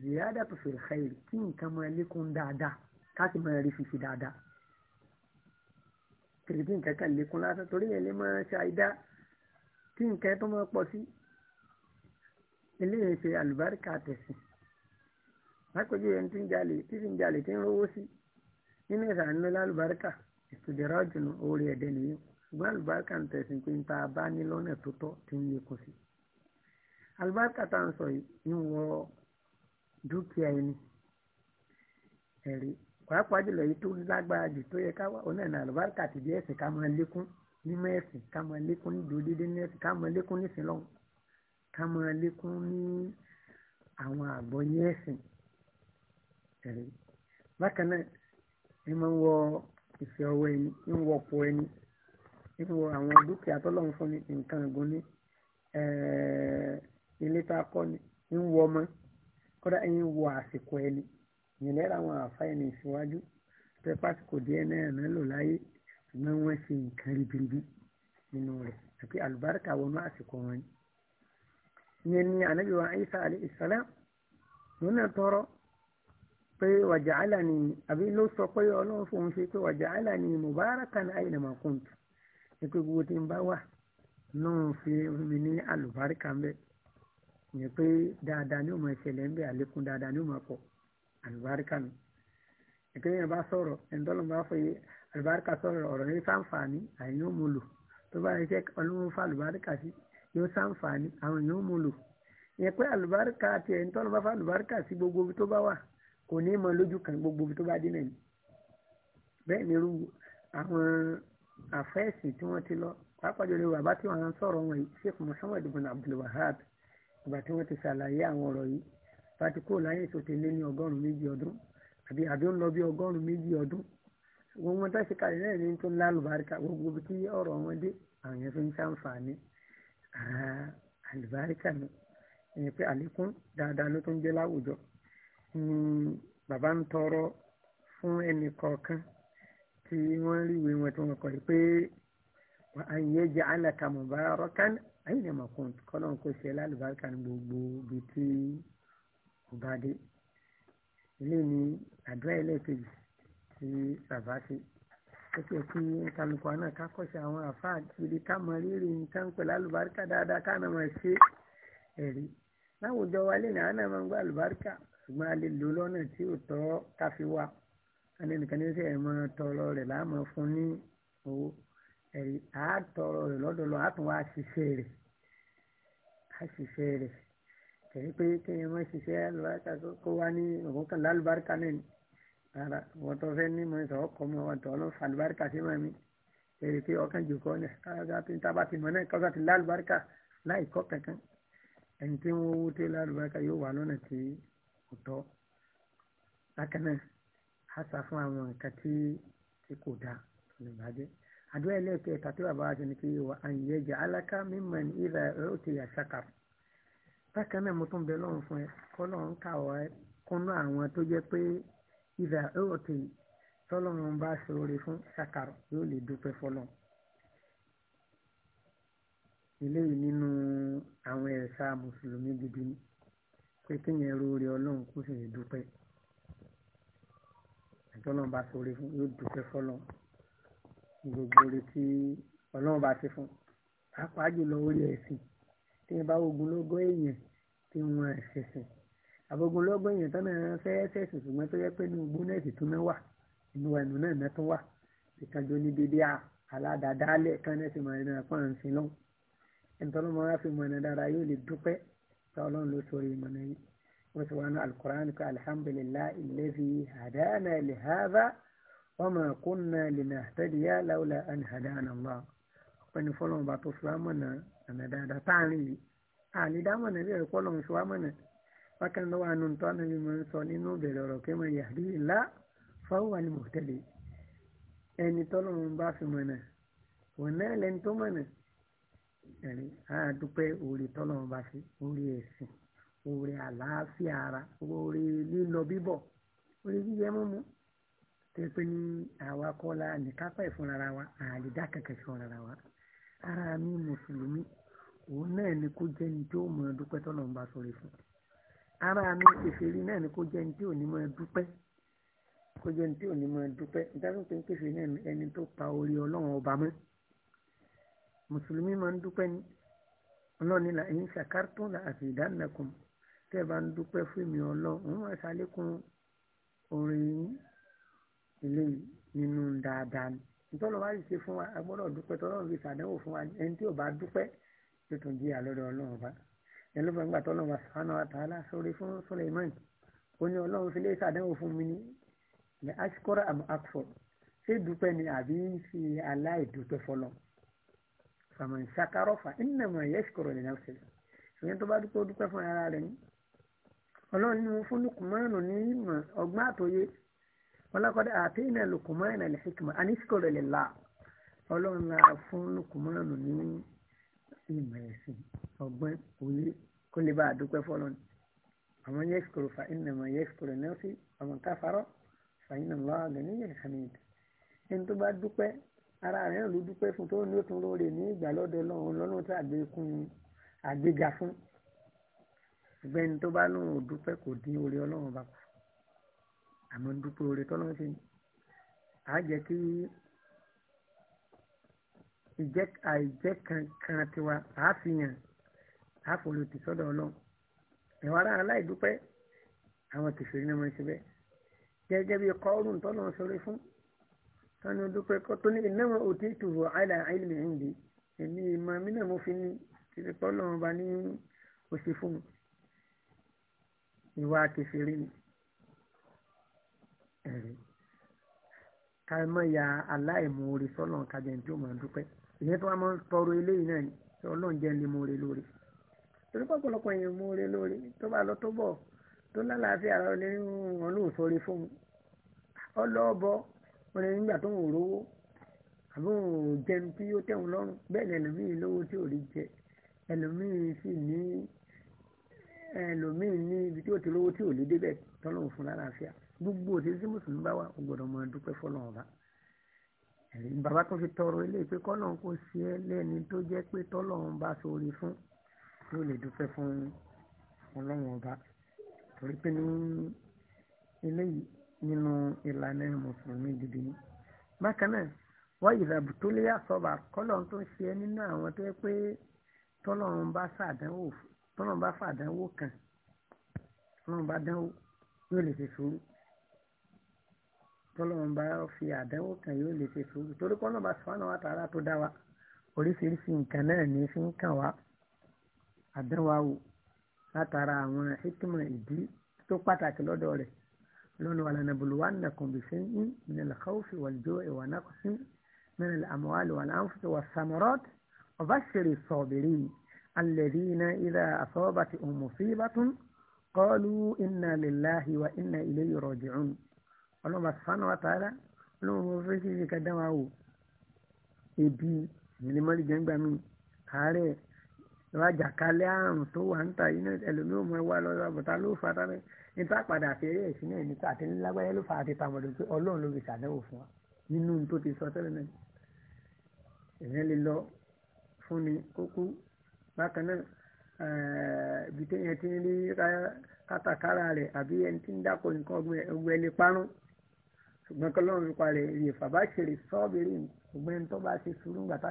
ziyada tó fil khair kí nǹkan máa lékún dáadáa káàsì máa rí fífi dáadáa kìrì kí nǹkan kan lékún lásán torí yẹn lè máa ṣe àìdá kí nǹkan tó máa pọ̀ sí eléyìí ṣe àlùbáríkà tẹ̀sìn lápẹjù ẹni tí ń jalè tí ń jalè tí ń rówó sí nínú ìrànú lálùbáríkà ìtòjẹ̀rọ̀ jùlọ orí ẹ̀dẹ́ nìyí ṣùgbọ́n àlùbáríkà ń tẹ̀sìn pé ń ta bá ní lọ́nà tó tọ́ tí ń lékun sí. àlùbáríkà tá à ń sọ yìí ń wọ dúkìá ẹni ẹ̀rí pàápàá jùlọ èyí tó lágbára jù tó yẹ ká wà ọ̀nà ìrìn àlùbáríkà ti di ẹ̀sìn ká máa lékún nímọ̀ ẹ̀sìn ká máa lékún ní ìdúró déédéé ní ẹ̀sìn ká máa lékún ní ìsìnlọ́hún ká máa lékún ní àwọn àgbọ̀yé ẹ̀sìn ní máa ń wọ ìfẹ́ ọwọ́ ẹni ní ń wọpọ̀ ẹni ní ń wọ àwọn dúkìá tọ́lọ́run fún ni nǹkan ìgún ní eh, ilé tá a kọ́ ni ń wọ ọmọ kódà ń wọ àsìkò ẹni ìyẹn àwọn àfa ẹni ìṣíwájú pé pásìkò díẹ̀ náà náà lò láyé ṣùgbọ́n wọ́n ṣe nǹkan ribiribi nínú rẹ̀ àti àlùbáríkà wọnú àsìkò wọn ni. ìyẹn ni ànábì wa Isa alayhi salam lónà tọrọ pé wàjàálà ni àbí ló sọ pé ọlọ́run fòun ṣe pé wàjàálà ni mubarakan aina ma kuntu ní pé gbogbo tí ń bá wà lóun fi mi ní àlùbáríkà ń bẹ ní pé dáadáa ni ó máa ṣẹlẹ̀ ń bẹ àlékún dáadáa ni ó máa pọ̀ àlùbáríkà mi ìpínlẹ̀ yẹn bá sọ̀rọ̀ ẹ̀ńdọ́lọ́n bá fẹ́ àlùbáríkà sọ̀rọ̀ ọ̀rọ̀ yẹn sáǹfààní àyìn yóò mú lò tó bá yẹn jẹ́ ọlọ́run fún àlùbáríkà sí yóò sáǹfààní kò ní mọ lójú kan gbogbo tó bá dé nàní bẹ́ẹ̀ ni irú àwọn àfẹ́ẹ̀sì tí wọ́n ti lọ pàápàá jọlọ bàbá tí wọ́n sọ̀rọ̀ wọn yìí Sheikh Muhammad ibn Abdul Wahab ìgbà tí wọ́n ti ṣàlàyé àwọn ọ̀rọ̀ yìí pàtí kò láyé tó ti lé ní ọgọ́rùn-ún méjì ọdún àbí àbí ó ń lọ bí ọgọ́rùn-ún méjì ọdún gbogbo wọn tẹ́sí kalẹ̀ náà ní tó lálùbáríkà gbogbo tí ọ̀rọ̀ wọn dé àwọn fi ń ṣàǹfààní àlùbáríkà ni ẹ̀yìn pé àlékún dáadáa ló tó ń jẹ́ láwùjọ ni hmm, bàbá ń tọrọ fún ẹnì kọ̀ọ̀kan tí wọ́n rí ìwé wọn tí wọ́n kọ̀ pé wà á yẹ jẹ́ alákàmù bá rọ́kán ayé ni màkùn kọ́lọ́n kò ṣe lálùbáríkà ní gbogbo ibi tí kò bá dé ilé ni àdúrà ẹlẹ́ẹ̀kejì tí bàbá ṣe ó ti ẹ̀kí kálukọ̀ náà kákọ́ṣe àwọn àfáà kiri ká mọ rírì nǹkan pẹ̀lú àlùbáríkà dáadáa ká náà máa ṣe ẹ̀rí láwùjọ wa lè ní máa ń gbọ́ àlùbáríkà ṣùgbọ́n a lè lò lọ́nà tí ò tọ́ káfí wa ẹnìkan ní sẹ́yìn mọ́ tọrọ rẹ̀ láàmú fún ní owó ẹ̀rí àátọrọ rẹ̀ lọ́dọ̀ lọ àtún wá ṣiṣẹ́ rẹ̀ á ṣiṣẹ́ rẹ̀ kẹ̀rí pé kéèyàn mọ́ ṣiṣẹ́ àlùbáríkà kó wá ní òun kan lálùbáríkà náà ni rárá wọ́n tó fẹ́ ní mọ́ ìtọ́ ọkọ̀ mọ́ ọ̀tọ̀ ọlọ́fà àlùbáríkà sí mọ́ mi kẹ̀rí pé ọkàn jòkó ní tábà ti mọ́ náà kọ́sà ti lálùbáríkà láì kọ́ kankan ẹni tí wọ́n wó tó lálùbáríkà yóò wà lọ́nà tí kò tọ́ bákan náà a sá fún àwọn nǹkan tí tí kò dáa tó lè bàjẹ́ àdúrà ẹlẹ́ẹ̀kẹta tí bàbá wa ti ní kí wà á yẹ jẹ aláká mímọ ní ìlà ẹ̀rọ ti yà ṣàkà bákan náà mo tún bẹ lọ́run fún ẹ kọ́ lọ́run káwọ́ ẹ kúnú àwọn tó jẹ́ pé ìlà ẹ̀rọ ti tọ́lọ́run bá ṣoore fún ṣàkà yóò lè dúpẹ́ fọlọ́run eléyìí nínú àwọn ẹ̀ṣà mùsùlùmí gidi ni pé kéèyàn ro ọlọ́run kó sì lè dúpẹ́ àtọ́lọ́run bá sọ orí fún yóò dúpẹ́ fọlọ́run gbogbo orí tí ọlọ́run bá ṣe fún pàápàá jùlọ orí ẹ̀sìn tí ń bá ogun lógó èèyàn tí wọ́n ṣẹ̀ṣẹ̀ àbogun lógó èèyàn tọ́nà fẹ́ ṣẹ̀ṣẹ̀ ṣùgbọ́n tó yẹ pé ní ogun náà tún náà inú ẹnu náà náà wà ìkànjọ ní dédé aládàádáálẹ̀ kan náà mọ̀ ẹ̀nà dára ọlọ́run ló sọ̀rọ̀ ìmọ̀ náà wọ́n ti wá ní alukur'an kọ́ alhamdulilah ilẹ̀fi hadana lihaba wọ́n máa kúnna lina tẹ́lẹ̀ láwùlà àni hadana lọ. ọ̀pẹ́ ni fọlọ́n bá tó sùwà mọ̀nà àmì dáadáa táàrin yìí àní dámọ̀nà bí ẹ̀kọ́ lọ́n sùwà mọ̀nà wákàn lọ́wọ́ àánú tó àná mi máa ń sọ nínú bẹ̀rẹ̀ ọ̀rọ̀ kí wọ́n yàrá ìlà fáwọn àlùmọ̀tẹ́lẹ̀ ẹni tọ́lọ́run bá fi mọ̀nà náà ẹ̀rí á dúpẹ́ oore tọ́lọ́run bá ṣe oore ẹ̀sìn oore àlàáfíà ara oore lílọ bíbọ̀ oore jíjẹ mímu tó pé ní àwa kọ́lá nìkápá ìfúnra wa àlìdá kẹ̀kẹ́ ìfúnra wa ara mi mùsùlùmí òun náà ni kó jẹ́ ní tí ó mọ̀ dúpẹ́ tọ́lọ́run bá sọ̀rọ̀ fún ara mi kèfèrí náà ni kó jẹ́ ní tí ò ní mọ̀ dúpẹ́ kó jẹ́ ní tí ò ní mọ̀ dúpẹ́ ìdásùn pé ń kèfèrí náà ẹni tó pa orí ọlọ́run ọba mọ́ mùsùlùmí máa ń dúpẹ́ la ẹ̀yin ṣàkártó la àti ìdánilẹ́kùn tẹ́ ẹ bá ń dúpẹ́ fún mi ọlọ́run òun máa ṣàlékún orin ilé nínú dáadáa ni ìtọ́lọ́ wá sì ṣe fún wa a gbọ́dọ̀ dúpẹ́ tọ́lọ́run fi ṣàdánwò fún wa ẹni tí ò bá dúpẹ́ tó tún jí àlọ́dọ̀ ọlọ́run bá ẹ ló fẹ́ gbà tọ́lọ́run wa sàánà wa tààlà sórí fún Suleiman ó ọlọ́run fi lè ṣàdánwò fún mi ní ní ashkora am akfor ṣé dúpẹ́ ni àbí ń fi aláìdúpẹ́ fọlọ́run fàmà ṣàkárọ̀ fà ìnàmọ̀ ẹ̀yẹ́ ṣòro ní náà ṣẹlẹ̀ ìyẹn tó bá dúpẹ́ dúpẹ́ fún ara rẹ̀ ní. ọlọ́run ní mo fún lukumanu ní ìmọ̀ ọgbọ́n àtòyé ọlọ́kọ̀dé àti ìnà lukumanu lè hikima àní ṣòro lè la ọlọ́run náà fún lukumanu ní ìmọ̀ ẹ̀sìn ọgbọ́n òye kó lè bá a dúpẹ́ fọlọ́n àwọn yẹ ṣòro fà ìnàmọ̀ ẹ̀yẹ́ ṣòro náà sí àwọn káfárọ̀ fà ìnàmọ̀ ọ̀gẹ̀ níyẹn ara rẹ̀ náà ló dúpẹ́ fún tó ní òtún lóore ní ìgbà lọ́dọ̀ lọ́hùn lọ́nà tí àgbékún àgbéga fún ṣùgbọ́n ẹni tó bá lóun ò dúpẹ́ kò dín oore ọlọ́run bá kù àmọ́ dúpẹ́ oore tọ́lọ́run ṣe ni á jẹ́ kí ìjẹ́ àìjẹ́ kankan tiwa àáfihàn àfolòtì sọ́dọ̀ ọlọ́run ẹ̀wọ̀n ara aláìdúpẹ́ àwọn kìfèrè ni wọ́n ṣe bẹ́ẹ̀ gẹ́gẹ́ bí kọ́ọ̀rùn tọ́lọ́run ṣoore fún kánú dúpẹ́ kọ́ tó ní ìnáwó òtí ìtùwò àìlà àìlì ìhìndí èmi ìmọ̀ mi náà mo fi ní tìrì pọ́lọ́ ọba ní òṣè fún mi ìwà kẹfìrí ni káìmọ̀ ya aláìmoore sọ́nà kájẹ̀ǹ tí ó máa dúpẹ́ ìyẹn tó wá máa ń tọrọ eléyìí náà ni tí ọlọ́run jẹ́ ń lè moore lóore torí pọ̀pọ̀lọpọ̀ yẹn moore lóore tó bá lọ tó bọ̀ tó lálàáfíà rẹ̀ ní ọlọ́run sọ̀rọ̀ fún un ọlọ́ọ̀bọ wọ́n ní nígbà tó ń rówó àbí òun ò jẹun tí ó tẹ̀wọ̀n lọ́rùn bẹ́ẹ̀ ni ẹlòmíì lówó tí ò rí jẹ ẹlòmíì sì ní ẹlòmíì ní ibi tí ó ti lówó tí ò lè débẹ̀ tọ́lọ́run fún lálàáfíà gbogbo òtí tí mùsùlùmí bá wà ó gbọ́dọ̀ mọ dúpẹ́ fọlọ́run bá bàbá tó fi tọrọ ilé pé kọ́lọ́run kò sí ẹ lẹ́ni tó jẹ́ pé tọ́lọ́run bá sórí fún yóò lè dúpẹ́ fún ọlọ́run ọba torí pé ní eléyìí nínú ìlànà mùsùlùmí gidi ni bákan náà wọ́n ìdàbò tó lé àsọ̀bà kọ́lọ́run tó ń ṣe é nínú àwọn tó yẹ pé tọ́lọ́run bá ṣàdánwò tọ́lọ́run bá fàdánwò kan tọ́lọ́run bá dánwò yóò lè ṣe sùúrù tọ́lọ́run bá fi àdánwò kan yóò lè ṣe sùúrù torí kọ́lọ́run bá sọ́nà wa tààrà tó dá wa oríṣiríṣi nǹkan náà ní fi ń kàn wá àdánwò látara àwọn hikima ìdí tó pàtàkì lọ́dọ̀ rẹ̀ lónìí wà lẹ́nu bùlùwà nà kùnbìṣẹ́ yín ní lẹ́kọ́ọ̀fì wàlùjọ́ ìwà nàkùsí من الأموال والأنفس والثمرات وبشر الصابرين الذين إذا أصابتهم مصيبة قالوا إنا لله وإنا إليه راجعون ọlọ́run subhanahu wa ta'ala ọlọ́run wọn fẹ́ ṣe ṣe ká dá wa wò ebi ìrìnlẹ́mọ́lì jẹ́ngbà mi àárẹ̀ rájàkálẹ̀ àrùn tó wà ń ta yìí náà ẹlòmí ò mọ ẹwà lọ́dọ̀ àbùtá ló fa tá bẹ́ẹ̀ níta padà fi eré ẹ̀sìn náà níta àti ńlágbáyé ló fa àti tàmọ̀dọ̀ pé ọlọ́run ló fi ṣàdánwò fún wa nínú tó ti sọ tẹ́lẹ̀ náà èèyàn lè lọ fún ni kó kú bákan náà eh, ibi téèyàn ti ń rí kátàkárà rẹ̀ àbí ẹni tí ń dáko nǹkan ọgbẹ́ ẹni parun ṣùgbọ́n kọ́lọ́run nípa rẹ̀ rè fàbá ṣèrè sọ́ọ̀bì rè ṣùgbọ́n tó bá ṣe sùúrù ńgbà tá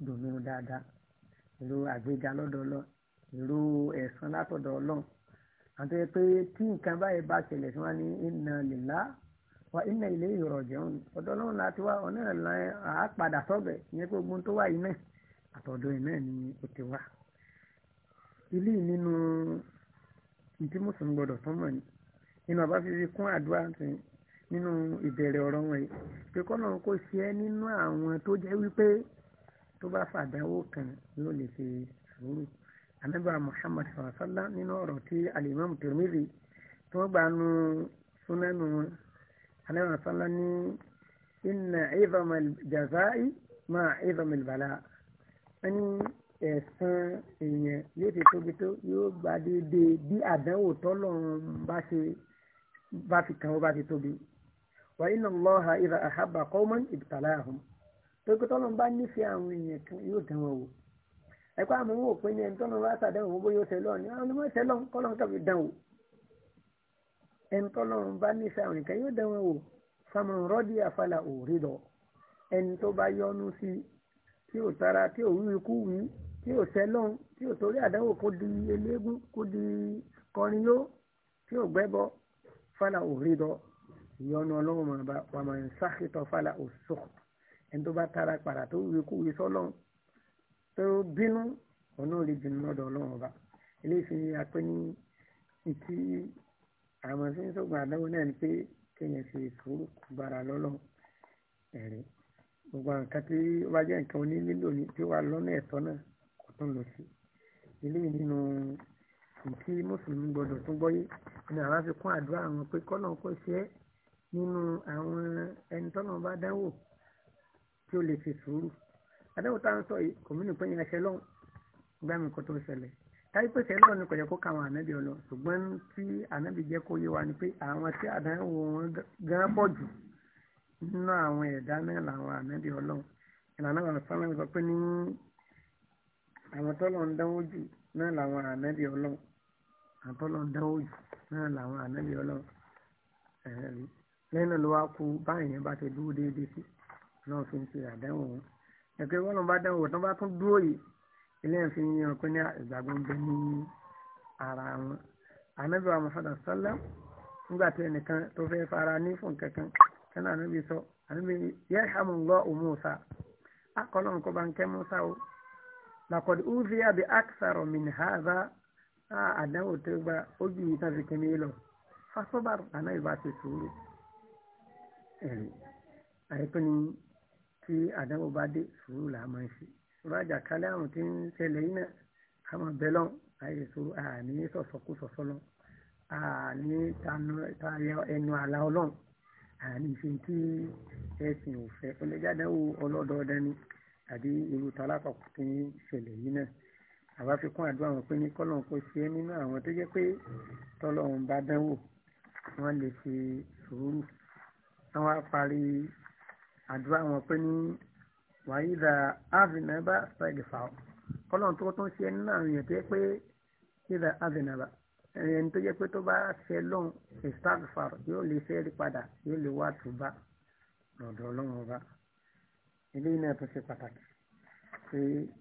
dùnú dáadáa èrò àgbéga lọ́dọ̀ ọlọ́run èrò ẹ̀san látọ̀dọ̀ ọlọ́run àti pé tí nǹkan báyìí bá ṣẹlẹ̀ sí wọn ní inna lillahi wa inna ilayhi raji'un ọ̀dọ̀ ọlọ́run láti wá ọ̀nà ìlànà àápadà sọ́bẹ̀ ìyẹn pé ogun tó wà yìí náà àtọ̀dọ̀ ẹ̀ náà ni ó ti wá. ilé nínú ìdí mùsùlùmí gbọdọ̀ tó mọ̀ nínú ọba fífi kún àdúrà nínú ìbẹ̀rẹ̀ ọ̀rọ̀ wọn yìí pé kọ́nà kò ṣe é nínú àwọn tó jẹ́ wípé tó bá fàdánwò kan yóò lè ṣe sùúrù anábà muhammad sàlásálá nínú ọ̀rọ̀ tí alimam tirmidhi tí wọ́n gbà nu súnẹ́nu wọn anábà sàlá ní inna izamal jazai ma izamal bala ẹni ẹ̀sán èèyàn yóò ti tóbi tó yóò gba déédéé bí àdánwò tọ́lọ́run bá ṣe bá fi kàn ó bá ti tóbi wa inna allaha idha ahabba qauman ibtalahum pé tọ́lọ́ bá nífẹ̀ẹ́ àwọn èèyàn kan yóò dán wọn wò ẹ̀kọ́ àmọ́ wò pé ní ẹni tọ́lọ́ bá sàdánwò wọn bóyá ó tẹ̀ lọ́ọ̀ ni àwọn ọmọ ìtẹ́ lọ́n kọ́lọ́ ń tàbí dán wò ẹni tọ́lọ́ bá nífẹ̀ẹ́ àwọn èèyàn yóò dán wọn wò faman rọ́dí àfàlà òrí lọ ẹni tó bá yọnu sí tí ò tara tí ò wí ikú wí tí ò tẹ́ lọ́n tí ò torí àdánwò kó di eléégún kó di kọrin yó tí ò gbẹ́bọ fàlà òrí lọ ìyọnu ọlọ́run mọ̀ ẹni tó bá tara padà tó wíwé kúwé sọ́lọ́run tó bínú òun náà lè bínú lọ́dọ̀ ọlọ́run ọba eléyìí fi apẹ́ ní ìtí àmọ́ sí sọ́gbà àdáwọ̀ náà ni pé kéèyàn ṣe sùúrù kù bára lọ́lọ́run ẹ̀rí gbogbo nǹkan tí ó bá jẹ́ nǹkan oní lílò ní tí ó wà lọ́nà ẹ̀tọ́ náà kò tún lọ sí eléyìí nínú ìtí mùsùlùmí gbọdọ̀ tún gbọ́yé ni àwọn fi àdúrà wọn pé kọ́lọ́n kò ṣe é nínú àwọn ẹni tọ́lọ́n bá dánwò tí ó lè fi sùúrù àdáwò tá à ń sọ yìí kò mínú pé ìyẹn ṣẹlọ́n gbá mi nǹkan tó ṣẹlẹ̀ táyé pé ṣẹlọ́n ni kò yẹ kó káwọn ànábì ọlọ ṣùgbọ́n tí ànábì jẹ́ kó yé wa ni pé àwọn tí àdánwò wọn gan pọ̀ jù nínú àwọn ẹ̀dá náà làwọn ànábì ọlọ ìlànà àwọn sọ́nà sọ pé ní àwọn tọ́lọ̀ ń dánwò jù náà làwọn ànábì ọlọ àwọn tọ́lọ̀ ń dánwò jù náà làwọn ànábì ọlọ lẹ́nu ló wá kú báyìí yẹn bá ti dúró déédéé sí lọ́n fi ń ṣe àdánwò wọn ẹ̀kọ́ ìwọ́n lọ́n bá dánwò tán bá tún dúró yìí ilé ẹ̀ fi ń yan pé ní ìgbàgbọ́ ń bẹ ní ara wọn ànábì wa mọ̀sádà sálá nígbà tí ẹnìkan tó fẹ́ fara ní fún kankan kánà ànábì sọ ànábì yẹ hàmù lọ òmùsà akọlọ́n kó bá ń kẹ́ Mùsá o làkọ̀dì uzi àbí akisarọ̀ min haza àdánwò tó gba ojú yìí tán fi kẹ́mi lọ fasobar ànábì bá ti sùúrù ẹ̀rí àyẹ̀kọ́ ni tí àdánwò bá dé sùúrù là á máa ń ṣe ìbájà kálẹ̀ àrùn tí ń ṣẹlẹ̀ yìí náà ká máa bẹ lọ́hùn láyé sùúrù àní sọ̀sọ̀kú sọ̀sọ́ lọ àní tayọ ẹnu àlà ọlọ́run àní ṣe tí ẹ̀sìn ò fẹ́ ọlẹ́jàdánwò ọlọ́dọọdẹ ni àbí irú talákọ̀ọ́kọ́ tí ń ṣẹlẹ̀ yìí náà àbá fi kún àdúrà wọn pé ní kọ́lọ́n kó ṣe é nínú àwọn tó jẹ́ pé tọ́lọ́run bá dánwò wọ́n lè ṣe sùúrù wọ́n á àdúrà wọn pé ní da avinaba sàgìfà kọ́lọ́n tó tún ṣe nínú àwọn èèyàn tó yẹ pé da avinaba ẹni tó yẹ pé tó bá ṣe lóhun ìsàgìfà yóò lè ṣe rí padà yóò lè wá tùbá lọ́dọ̀ ọlọ́run ọba eléyìí náà tó ṣe pàtàkì pé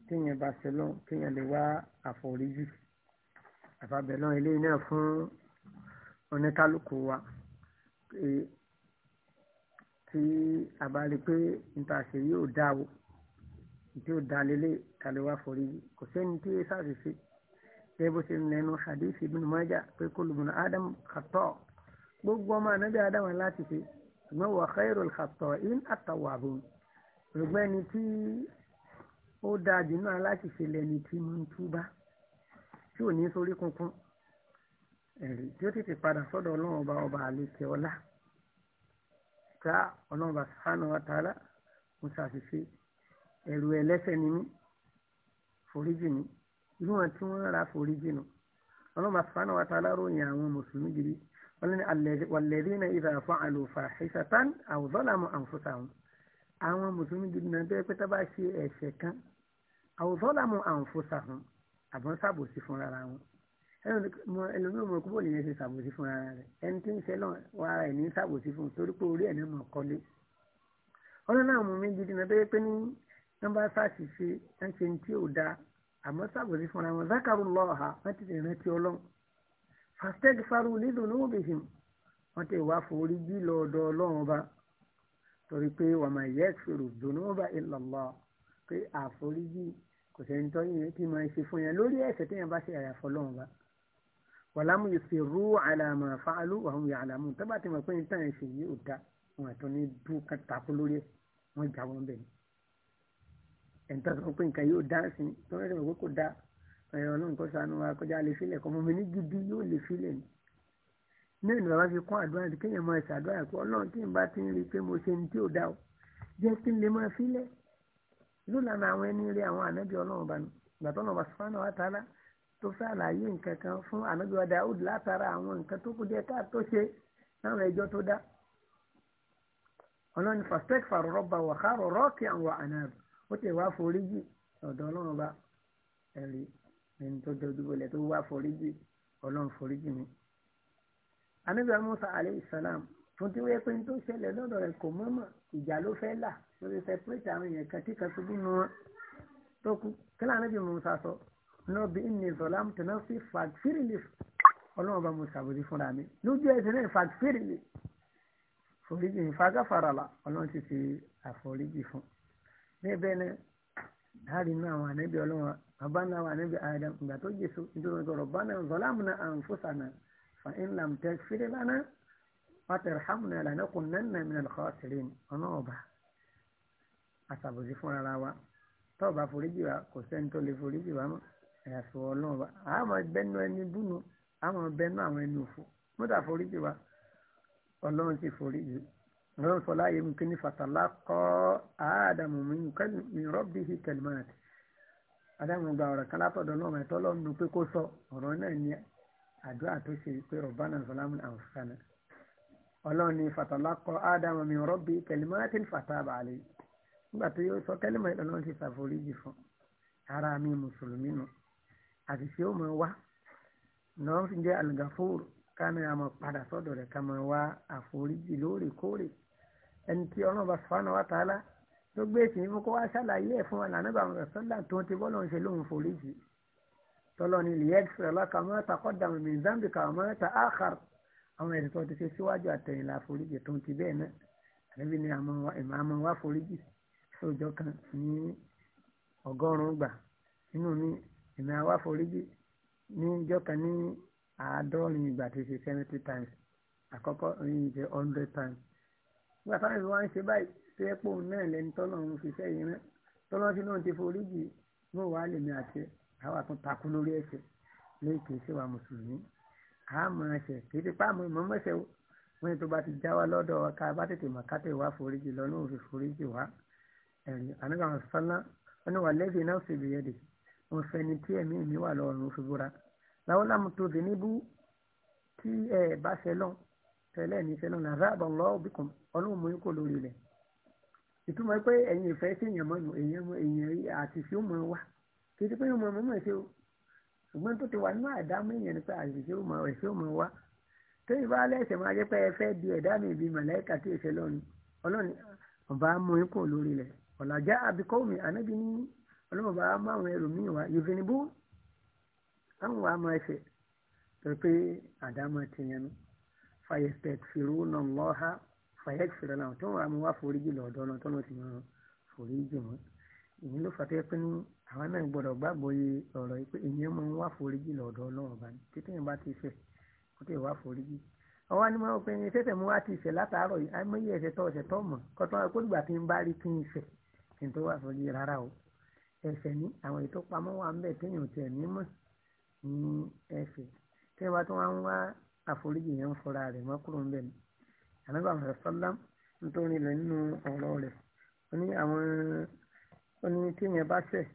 téèyàn bá ṣe lóhun téèyàn lè wá àforíjì àfàbẹ̀lọ́ eléyìí náà fún oníkálukú wa tí a bá rí pé níta ṣe yóò dá o tí ó dá lélẹ̀ tàlẹ́wà forí kò sẹ́ni tí yéé ṣàṣìṣe gẹ́gẹ́ bó ṣe nẹnu hadith ibn Majah pé kulubun adam kàtọ́ gbogbo ọmọ ànábì adam láti ṣe ṣùgbọ́n wà khairul khata'in at-tawwabun ṣùgbọ́n ẹni tí ó dáa jù náà láti ṣe lẹ́ni tí mo ń túbá tí ò ní sórí kunkun ẹ̀rí tí ó tètè padà sọ́dọ̀ ọlọ́run ọba ọba àlekè ọlá ká ọlọ́run bá sánú wa tààlà mo ṣàṣìṣe ẹ̀rù ẹlẹ́sẹ̀ ni mí foríjì mi irú wọn tí wọ́n ra foríjì nù ọlọ́run bá sánú wa tààlà ròyìn àwọn mùsùlùmí gidi wọ́n ní walladhina idha fa'alu fahishatan aw zalamu anfusahum àwọn mùsùlùmí gidi náà bẹ́ẹ̀ pé tá ṣe ẹ̀ṣẹ̀ kan aw zalamu anfusahum àbọ̀n ṣàbòsí fúnra wọn ẹlòmíràn mọ̀ kúbọ̀ nìyẹn ṣe ṣàbòsí fún ara rẹ̀ ẹni tí ń ṣe lọ ara ẹ̀ ní ṣàbòsí fún torí pé orí ẹ̀ ní mọ̀ kọ́lé ọlọ́run náà mú mi gidi náà tó yẹ pé ní nọ́mbà fásitì ṣe ń ṣe ní tí ò dáa àmọ́ ṣàbòsí fúnra wọn zakaru lọ́ọ̀ha wọ́n ti rántí ọlọ́run fasteg faru lílo lówó bèhìm wọ́n ti wá forí jí lọ ọ̀dọ̀ ọlọ́run ọba torí pé wọ́n máa yẹ ìṣòro dùnú ọba ìlọ̀lọ́ pé àforíjì kò yẹn kí ṣe fún yẹn bá wàlámù yusirru ala ma fa'alu wa hum ya'lamun tó bá ti mọ̀ pé nítorí ẹ̀ ṣe yìí ò dá wọn àtọ́ ní dú kàtàkù lórí ẹ̀ wọ́n já wọn bẹ̀ ni ẹ̀ńtọ́ sọ pé nǹkan yóò dá sí tó rẹ̀ wọ́n dá ẹ̀rọ ọlọ́run kọ́ wa kọjá lè filẹ̀ kọ́ mọ́mi ní gidi yóò lè filẹ̀ ni náà ni bàbá fi kún àdúrà tí kéèyàn máa ṣàdúrà pé ọlọ́run tí n bá ti ń rí i pé mo ṣe ní tí ò dá o jẹ́ kí n lè máa filẹ̀ ló tó ṣàlàyé nǹkan kan fún ànágbèwà Daud látara àwọn nǹkan tó kù díẹ̀ káàtó ṣe láwọn ẹjọ́ tó dá ọlọ́ni fàstẹ́kì fàrọ̀rọ̀bà wàhárọ̀ rọ́ọ̀kì àwọn ànáàbù ó ti wá foríjì ọ̀dọ̀ ọlọ́run bá ẹ̀rí ẹni tó dojú bolẹ̀ tó wá foríjì ọlọ́run foríjì mi. ànábìyà Musa alayhi salam fún tí wọ́n pé ní tó ṣẹlẹ̀ lọ́dọ̀ rẹ̀ kò mọ́mọ́ ìjà ló fẹ́ là lórí sẹpẹ́rẹ́tì àwọn èèyàn kan tí kan ṣubú nu wọn tó kú kí lànà bí Musa sọ lọ́bi ní ìsọ̀lám tẹ̀lé sí fàgfírìlì ọlọ́run bá mo ṣàbòdì fúnra mi lójú ẹsẹ̀ náà fàgfírìlì foríjì ìfagáfarala ọlọ́run ti ṣe àforíjì fún bẹ́ẹ̀ bẹ́ẹ̀ náà láàrin náà àwọn ànábì ọlọ́run bàbá náà àwọn ànábì adam ìgbà tó jésù nítorí ọ̀rọ̀ bá náà zọlámù náà àǹfọ̀sánà fa in lam tagfiri lana wa tarhamna lanakunanna minal khasirin ọ̀nà ọ̀bà àṣàbòsí fúnra wa tọ́ọ̀bà foríjì wa kò sẹ́ni àyàfi ọlọ́run bá a máa bẹnu ẹni búnu a máa bẹnu àwọn ẹni òfò mọ́tà foríjì wa ọlọ́run ti foríjì ọlọ́run sọ láàyè mú kí ní fàtàlá kọ́ àádámù mi rọ́bì hí kẹlímọ́tì àdámù gba ọ̀rọ̀ kan látọ̀dọ̀ náà ẹ̀tọ́ lọ́nu pé kó sọ ọ̀rọ̀ náà ní àdúrà tó ṣe pé ọ̀bánà sọlámù àwòsánà ọlọ́run ní fàtàlá kọ́ àádámù mi rọ́bì kẹlímọ́tì fàtàbà àlè àṣìṣe ó máa wá lọ́wọ́ fi jẹ́ àlùgàfóòrò kámẹ́rà máa padà sọ́dọ̀ rẹ̀ ká máa wá àforíjì lóòrèkóòrè ẹni tí ọlọ́run bá sọ́nà wá tààlà ló gbé èsì ní fún kó wá ṣàlàyé ẹ̀ fún àlànàbà sọ́dà tó ti bọ́ lọ́n ṣe lóhun foríjì tọ́lọ́ni lìyẹ́kì ọlọ́ka mọ́ta kọ́dàmù min zambika mọ́ta áhàr àwọn ẹ̀sìn tó ti ṣe síwájú àtẹ̀yìnlá foríjì tó ti bẹ́ẹ̀ náà àbí ni àmọ́ wá foríjì sóòjọ́ kan ní ọgọ́rùn-ún gbà nínú mi èmi àwa foríjì ní ìjọ kan ní àádọ́rin ìgbà tí ṣe seventy times àkọ́kọ́ ìyìn ṣe hundred times nígbà táwọn ìlú wa ń ṣe báyìí ṣe é pò náà lẹni tọ́lọ́run fi fẹ́ yìí rán tọ́lọ́run sí náà ti foríjì náà wàá lèmi àti àwa tún takú lórí ẹ̀ṣẹ̀ lórí kìí ṣe wa mùsùlùmí àmọ́ ẹ̀ṣẹ̀ kìí ti pa àmọ́ ìmọ̀mọ́ṣẹ̀ o wọ́n bá ti já wa lọ́dọ̀ ká bá tètè mọ̀ ká tètè wá foríjì lọ́nà òfin foríjì wa ẹ̀rìn àníkàn sọ́nà wọn ni wà lẹ́bi náà ṣèbìyẹ́ dèjì òfẹni tí ẹ̀mí mi wà lọ́rùn fi búra láwọn lámùtò dè níbú tí ẹ bá ṣẹlọ tẹlẹ ní ṣẹlọ làzá àbọlọ òbíkan ọlọ́run mọ ikú lórí rẹ ìtumọ̀ pé ẹ̀yin ìfẹ́ sí èèyàn mọ́nu èèyàn èèyàn àti ìṣó mọ́ wa kì í ti pé yóò mọ ọmọ mọ́ ẹ̀ṣẹ́ o ṣùgbọ́n tó ti wà nínú àdámọ́ èèyàn nípa àṣìṣe ó mọ ẹ̀ṣẹ́ ó mọ wa tóyìn bá lẹ́sẹ̀ máa jẹ́ pé ẹ fẹ́ di ẹ̀dá mi bíi màláìkà tí ìṣẹ́ lọ́run ọlọ́run ọba mọ ikú lórí rẹ ọ̀làjá àbíkọ́ mi ànábi ní ọlọ́run bá mú àwọn ẹlòmíì wá yòfinibó àwọn wàá máa ṣe pẹ̀lú pé àdámọ́ ti yẹn nu fàyẹ̀sẹ̀ fìrú nà lọ́ha fàyẹ̀sẹ̀ fìrú náà tó wàá mú wá foríjì lọ́dọ̀ náà tó lọ́ọ́ sì máa foríjì wọn ìyẹn ló fà tó yẹ pé ní àwọn náà gbọ́dọ̀ gbàgbọ́ yé ọ̀rọ̀ yìí pé ìyẹn máa ń wá foríjì lọ́dọ̀ ọlọ́run títí yẹn bá ti ṣe kó tẹ̀ wá foríjì ọwọ́ ni mo pe ní sẹ́sẹ̀ mo wá ti ìṣẹ̀ látàárọ̀ yìí àìmọye ẹ̀ṣẹ̀ tọ́ ọ̀ṣẹ̀ tọ́ mọ̀ kọ́tọ́ kó dìgbà tí ń bá rí kí n ṣẹ̀ kí n tó wà foríjì rárá o ẹ̀ṣẹ̀ ní àwọn èyí tó pamọ́ wà ń bẹ̀ téèyàn tiẹ̀ ní mọ̀ ní ẹ̀ṣẹ̀ téèyàn bá tó wá ń wá àforíjì yẹn ń fura rẹ̀ mọ́ kúrò ń bẹ̀ ni àmọ́ àwọn ọ̀sọ́lá ń tó rinlẹ̀ nínú ọ̀rọ̀ rẹ̀ ó ní àwọn ó ní téèyàn bá ṣẹ̀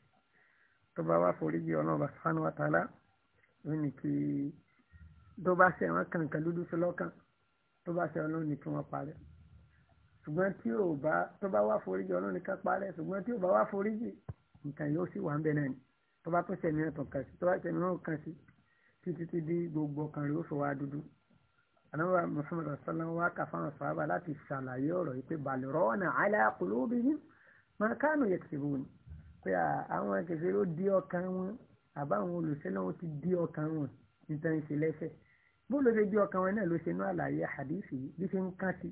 tó bá wá foríjì ọlọ́run bá sánú wa tààlà ó ní kí tó bá ṣẹ̀ wọn kàǹkà dúdú sí lọ́kàn tó bá ṣẹ̀ ọlọ́run ní kí wọ́n parẹ́ ṣùgbọ́n tí ò bá tó bá wá foríjì ọlọ́run ní ká parẹ́ ṣùgbọ́n tí ò bá wá foríjì nǹkan yóò sì wà ń bẹ náà ni tó bá tó sẹ̀mí náà tó kàn sí tó bá sẹ̀mí náà kàn sí títí tí di gbogbo ọkàn rẹ̀ ó fi wá dúdú. anáwó Muhammad sallam wá kà fáwọn sàhábà láti ṣàlàyé ọ̀rọ̀ yìí pé balrona ala qulubihim ma kanu yaksibun pé àwọn akẹ́kẹ́ ló di ọkàn wọn àbáwọn olùṣẹ́ náà ti di ọkàn wọn nítorí ń ṣe lẹ́sẹ̀ bó ló ṣe di ọkàn wọn náà ló ṣe ní àlàyé hadisi bí ṣe ń kàn sí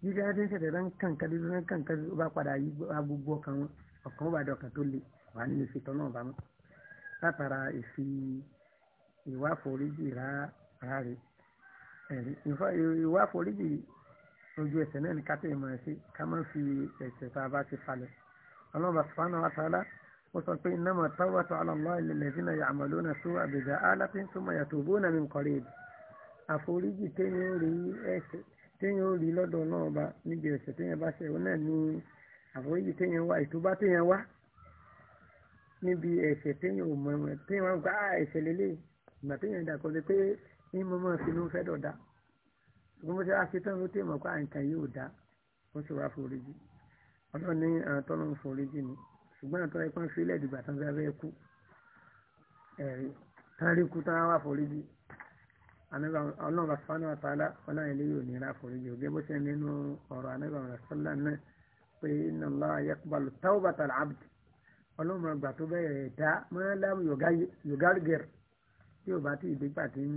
bí ṣe ń ṣẹ̀ṣẹ̀ rẹ̀ ń kàn kàn ọkàn ó bá dọkàn tó le wà ní ìfi tọ́ náà bá mú látara ìfi ìwà àforíjì rárá rè ẹ̀rí ìwà àforíjì ojú ẹsẹ̀ náà ní kápẹ́ ìmọ̀ ẹ̀sìn ká má fi ẹ̀sẹ̀ tá a bá ti falẹ̀ ọlọ́run subhanahu wa ta'ala ó sọ pé innama tawbatu ala Allahi lilladhina ya'maluna su'a bijahalatin thumma yatubuna min qarib àforíjì téèyàn ò rí lọ́dọ̀ náà ọba níbi ẹ̀sẹ̀ téèyàn bá ṣe òun náà ní àforíjì téèyàn wá ìtúbá téèyàn wá níbi ẹ̀ṣẹ̀ téèyàn ò mọ̀ ẹ̀ téèyàn wá gbá ah, ẹ̀ṣẹ̀ lélẹ̀ ìgbà téèyàn dà kọ́ ni pé ní mo máa finú fẹ́ dọ̀dá ṣùgbọ́n mo ṣe wá ṣetán ló téèmọ̀ pé àǹkà ah, yìí ò dá wọ́n sì wá foríjì ọlọ́run ní àwọn tọ́lọ́ ń foríjì ni ṣùgbọ́n àtọ́ ẹ̀pọ́n fílẹ̀ dìgbà tán fẹ́ fẹ́ kú ẹ̀rí tán rí kú tán wá foríjì ọlọ́run bá sọ́nà àtàlà ọlọ́run ilé yóò nira pé inna Allah yaqbalu tawbata al-abd ọlọ́run máa gbà tó bẹ̀rẹ̀ ẹ̀dá mọ́lám yọ̀gárgẹ̀r tí ò bá tí ìdígbà tí ń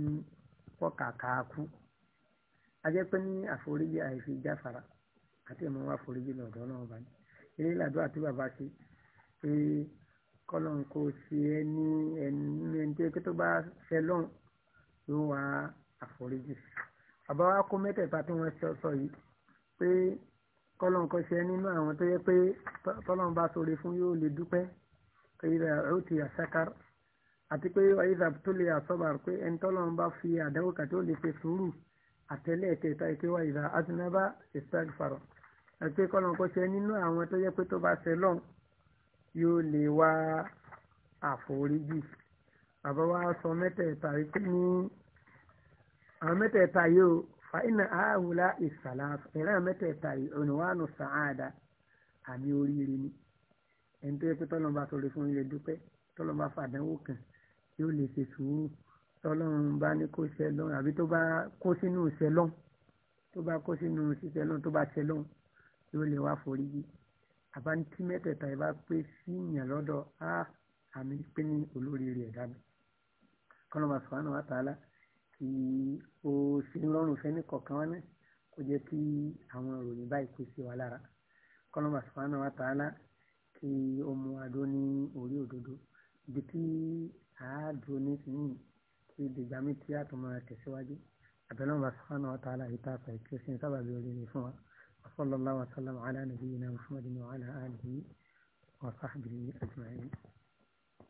pọ̀ kàkà kú ajẹ́ pé ní àforíjì àìfi jáfara àti ìmọ̀ wá foríjì lọ́dọ̀ ọlọ́run bá ní eré ìlàdúrà tí bàbá ṣe pé kọ́lọ́n kò ṣe é ní ẹni ẹni tí tó bá ṣe lọ́hùn ló wá àforíjì bàbá wa kó mẹ́tẹ̀ẹ̀ta tí wọ́n sọ yìí pé kọ́lọ́n kọ́ ṣe nínú àwọn tó yẹ pé tọ́lọ́n bá sọ̀rọ̀ fún yóò lè dúpẹ́ ìdá òtì àṣàkàr àti pé ìdá tó lè àṣọ́bà pé ẹni tọ́lọ́n bá fi àdáwò kà tó lè fi sùúrù àtẹ́lẹ̀ ẹ̀kẹta ìkéwà ìdá azinaba ìsàgfàrọ̀ àti pé kọ́lọ́n kọ́ ṣe nínú àwọn tó yẹ pé tó bá ṣe lọ́n yóò lè wá àforíjì bàbá sọ mẹ́tẹ̀ẹ̀ta yìí فإن هؤلاء الثلاث إلى متى تاري عنوان السعادة àmì oríire ni ẹni tó yẹ pé tọ́lọ́mùbá sọ̀rọ̀ fún ilé dúpẹ́ tọ́lọ́mùbá fàdánwò kàn yóò lè ṣe sùúrù tọ́lọ́mùbá ní kó ṣe lọ́n àbí tó bá kó sínú ṣe lọ́n tó bá kó sínú ṣiṣẹ́ lọ́n tó bá ṣe lọ́n yóò lè wá forí yí àbáńtí mẹ́tẹ̀ẹ̀ta ìbá pé síyàn lọ́dọ̀ á àmì pé ní olóríire ẹ̀dá mi kọ́lọ́mùbá sọ̀rọ̀ àná wà tààlà kí ó ṣe ń rọrùn fẹ́ nìkọ̀ọ̀kan wá náà kó jẹ́ kí àwọn ìròyìn báyìí kó sí wa lára kọ́lọ́mà sùpánà wa tààlà kí ó mú adó ní orí òdodo ibi tí àádùn nísìnyí kí dìgbà mi tí àtúmọ̀ tẹ̀síwájú àbẹ̀lọ́mà sùpánà wa tààlà yìí tààfà kí ó ṣe ń sábàbí oríire fún wa وصلى الله وسلم على نبينا محمد وعلى آله وصحبه أجمعين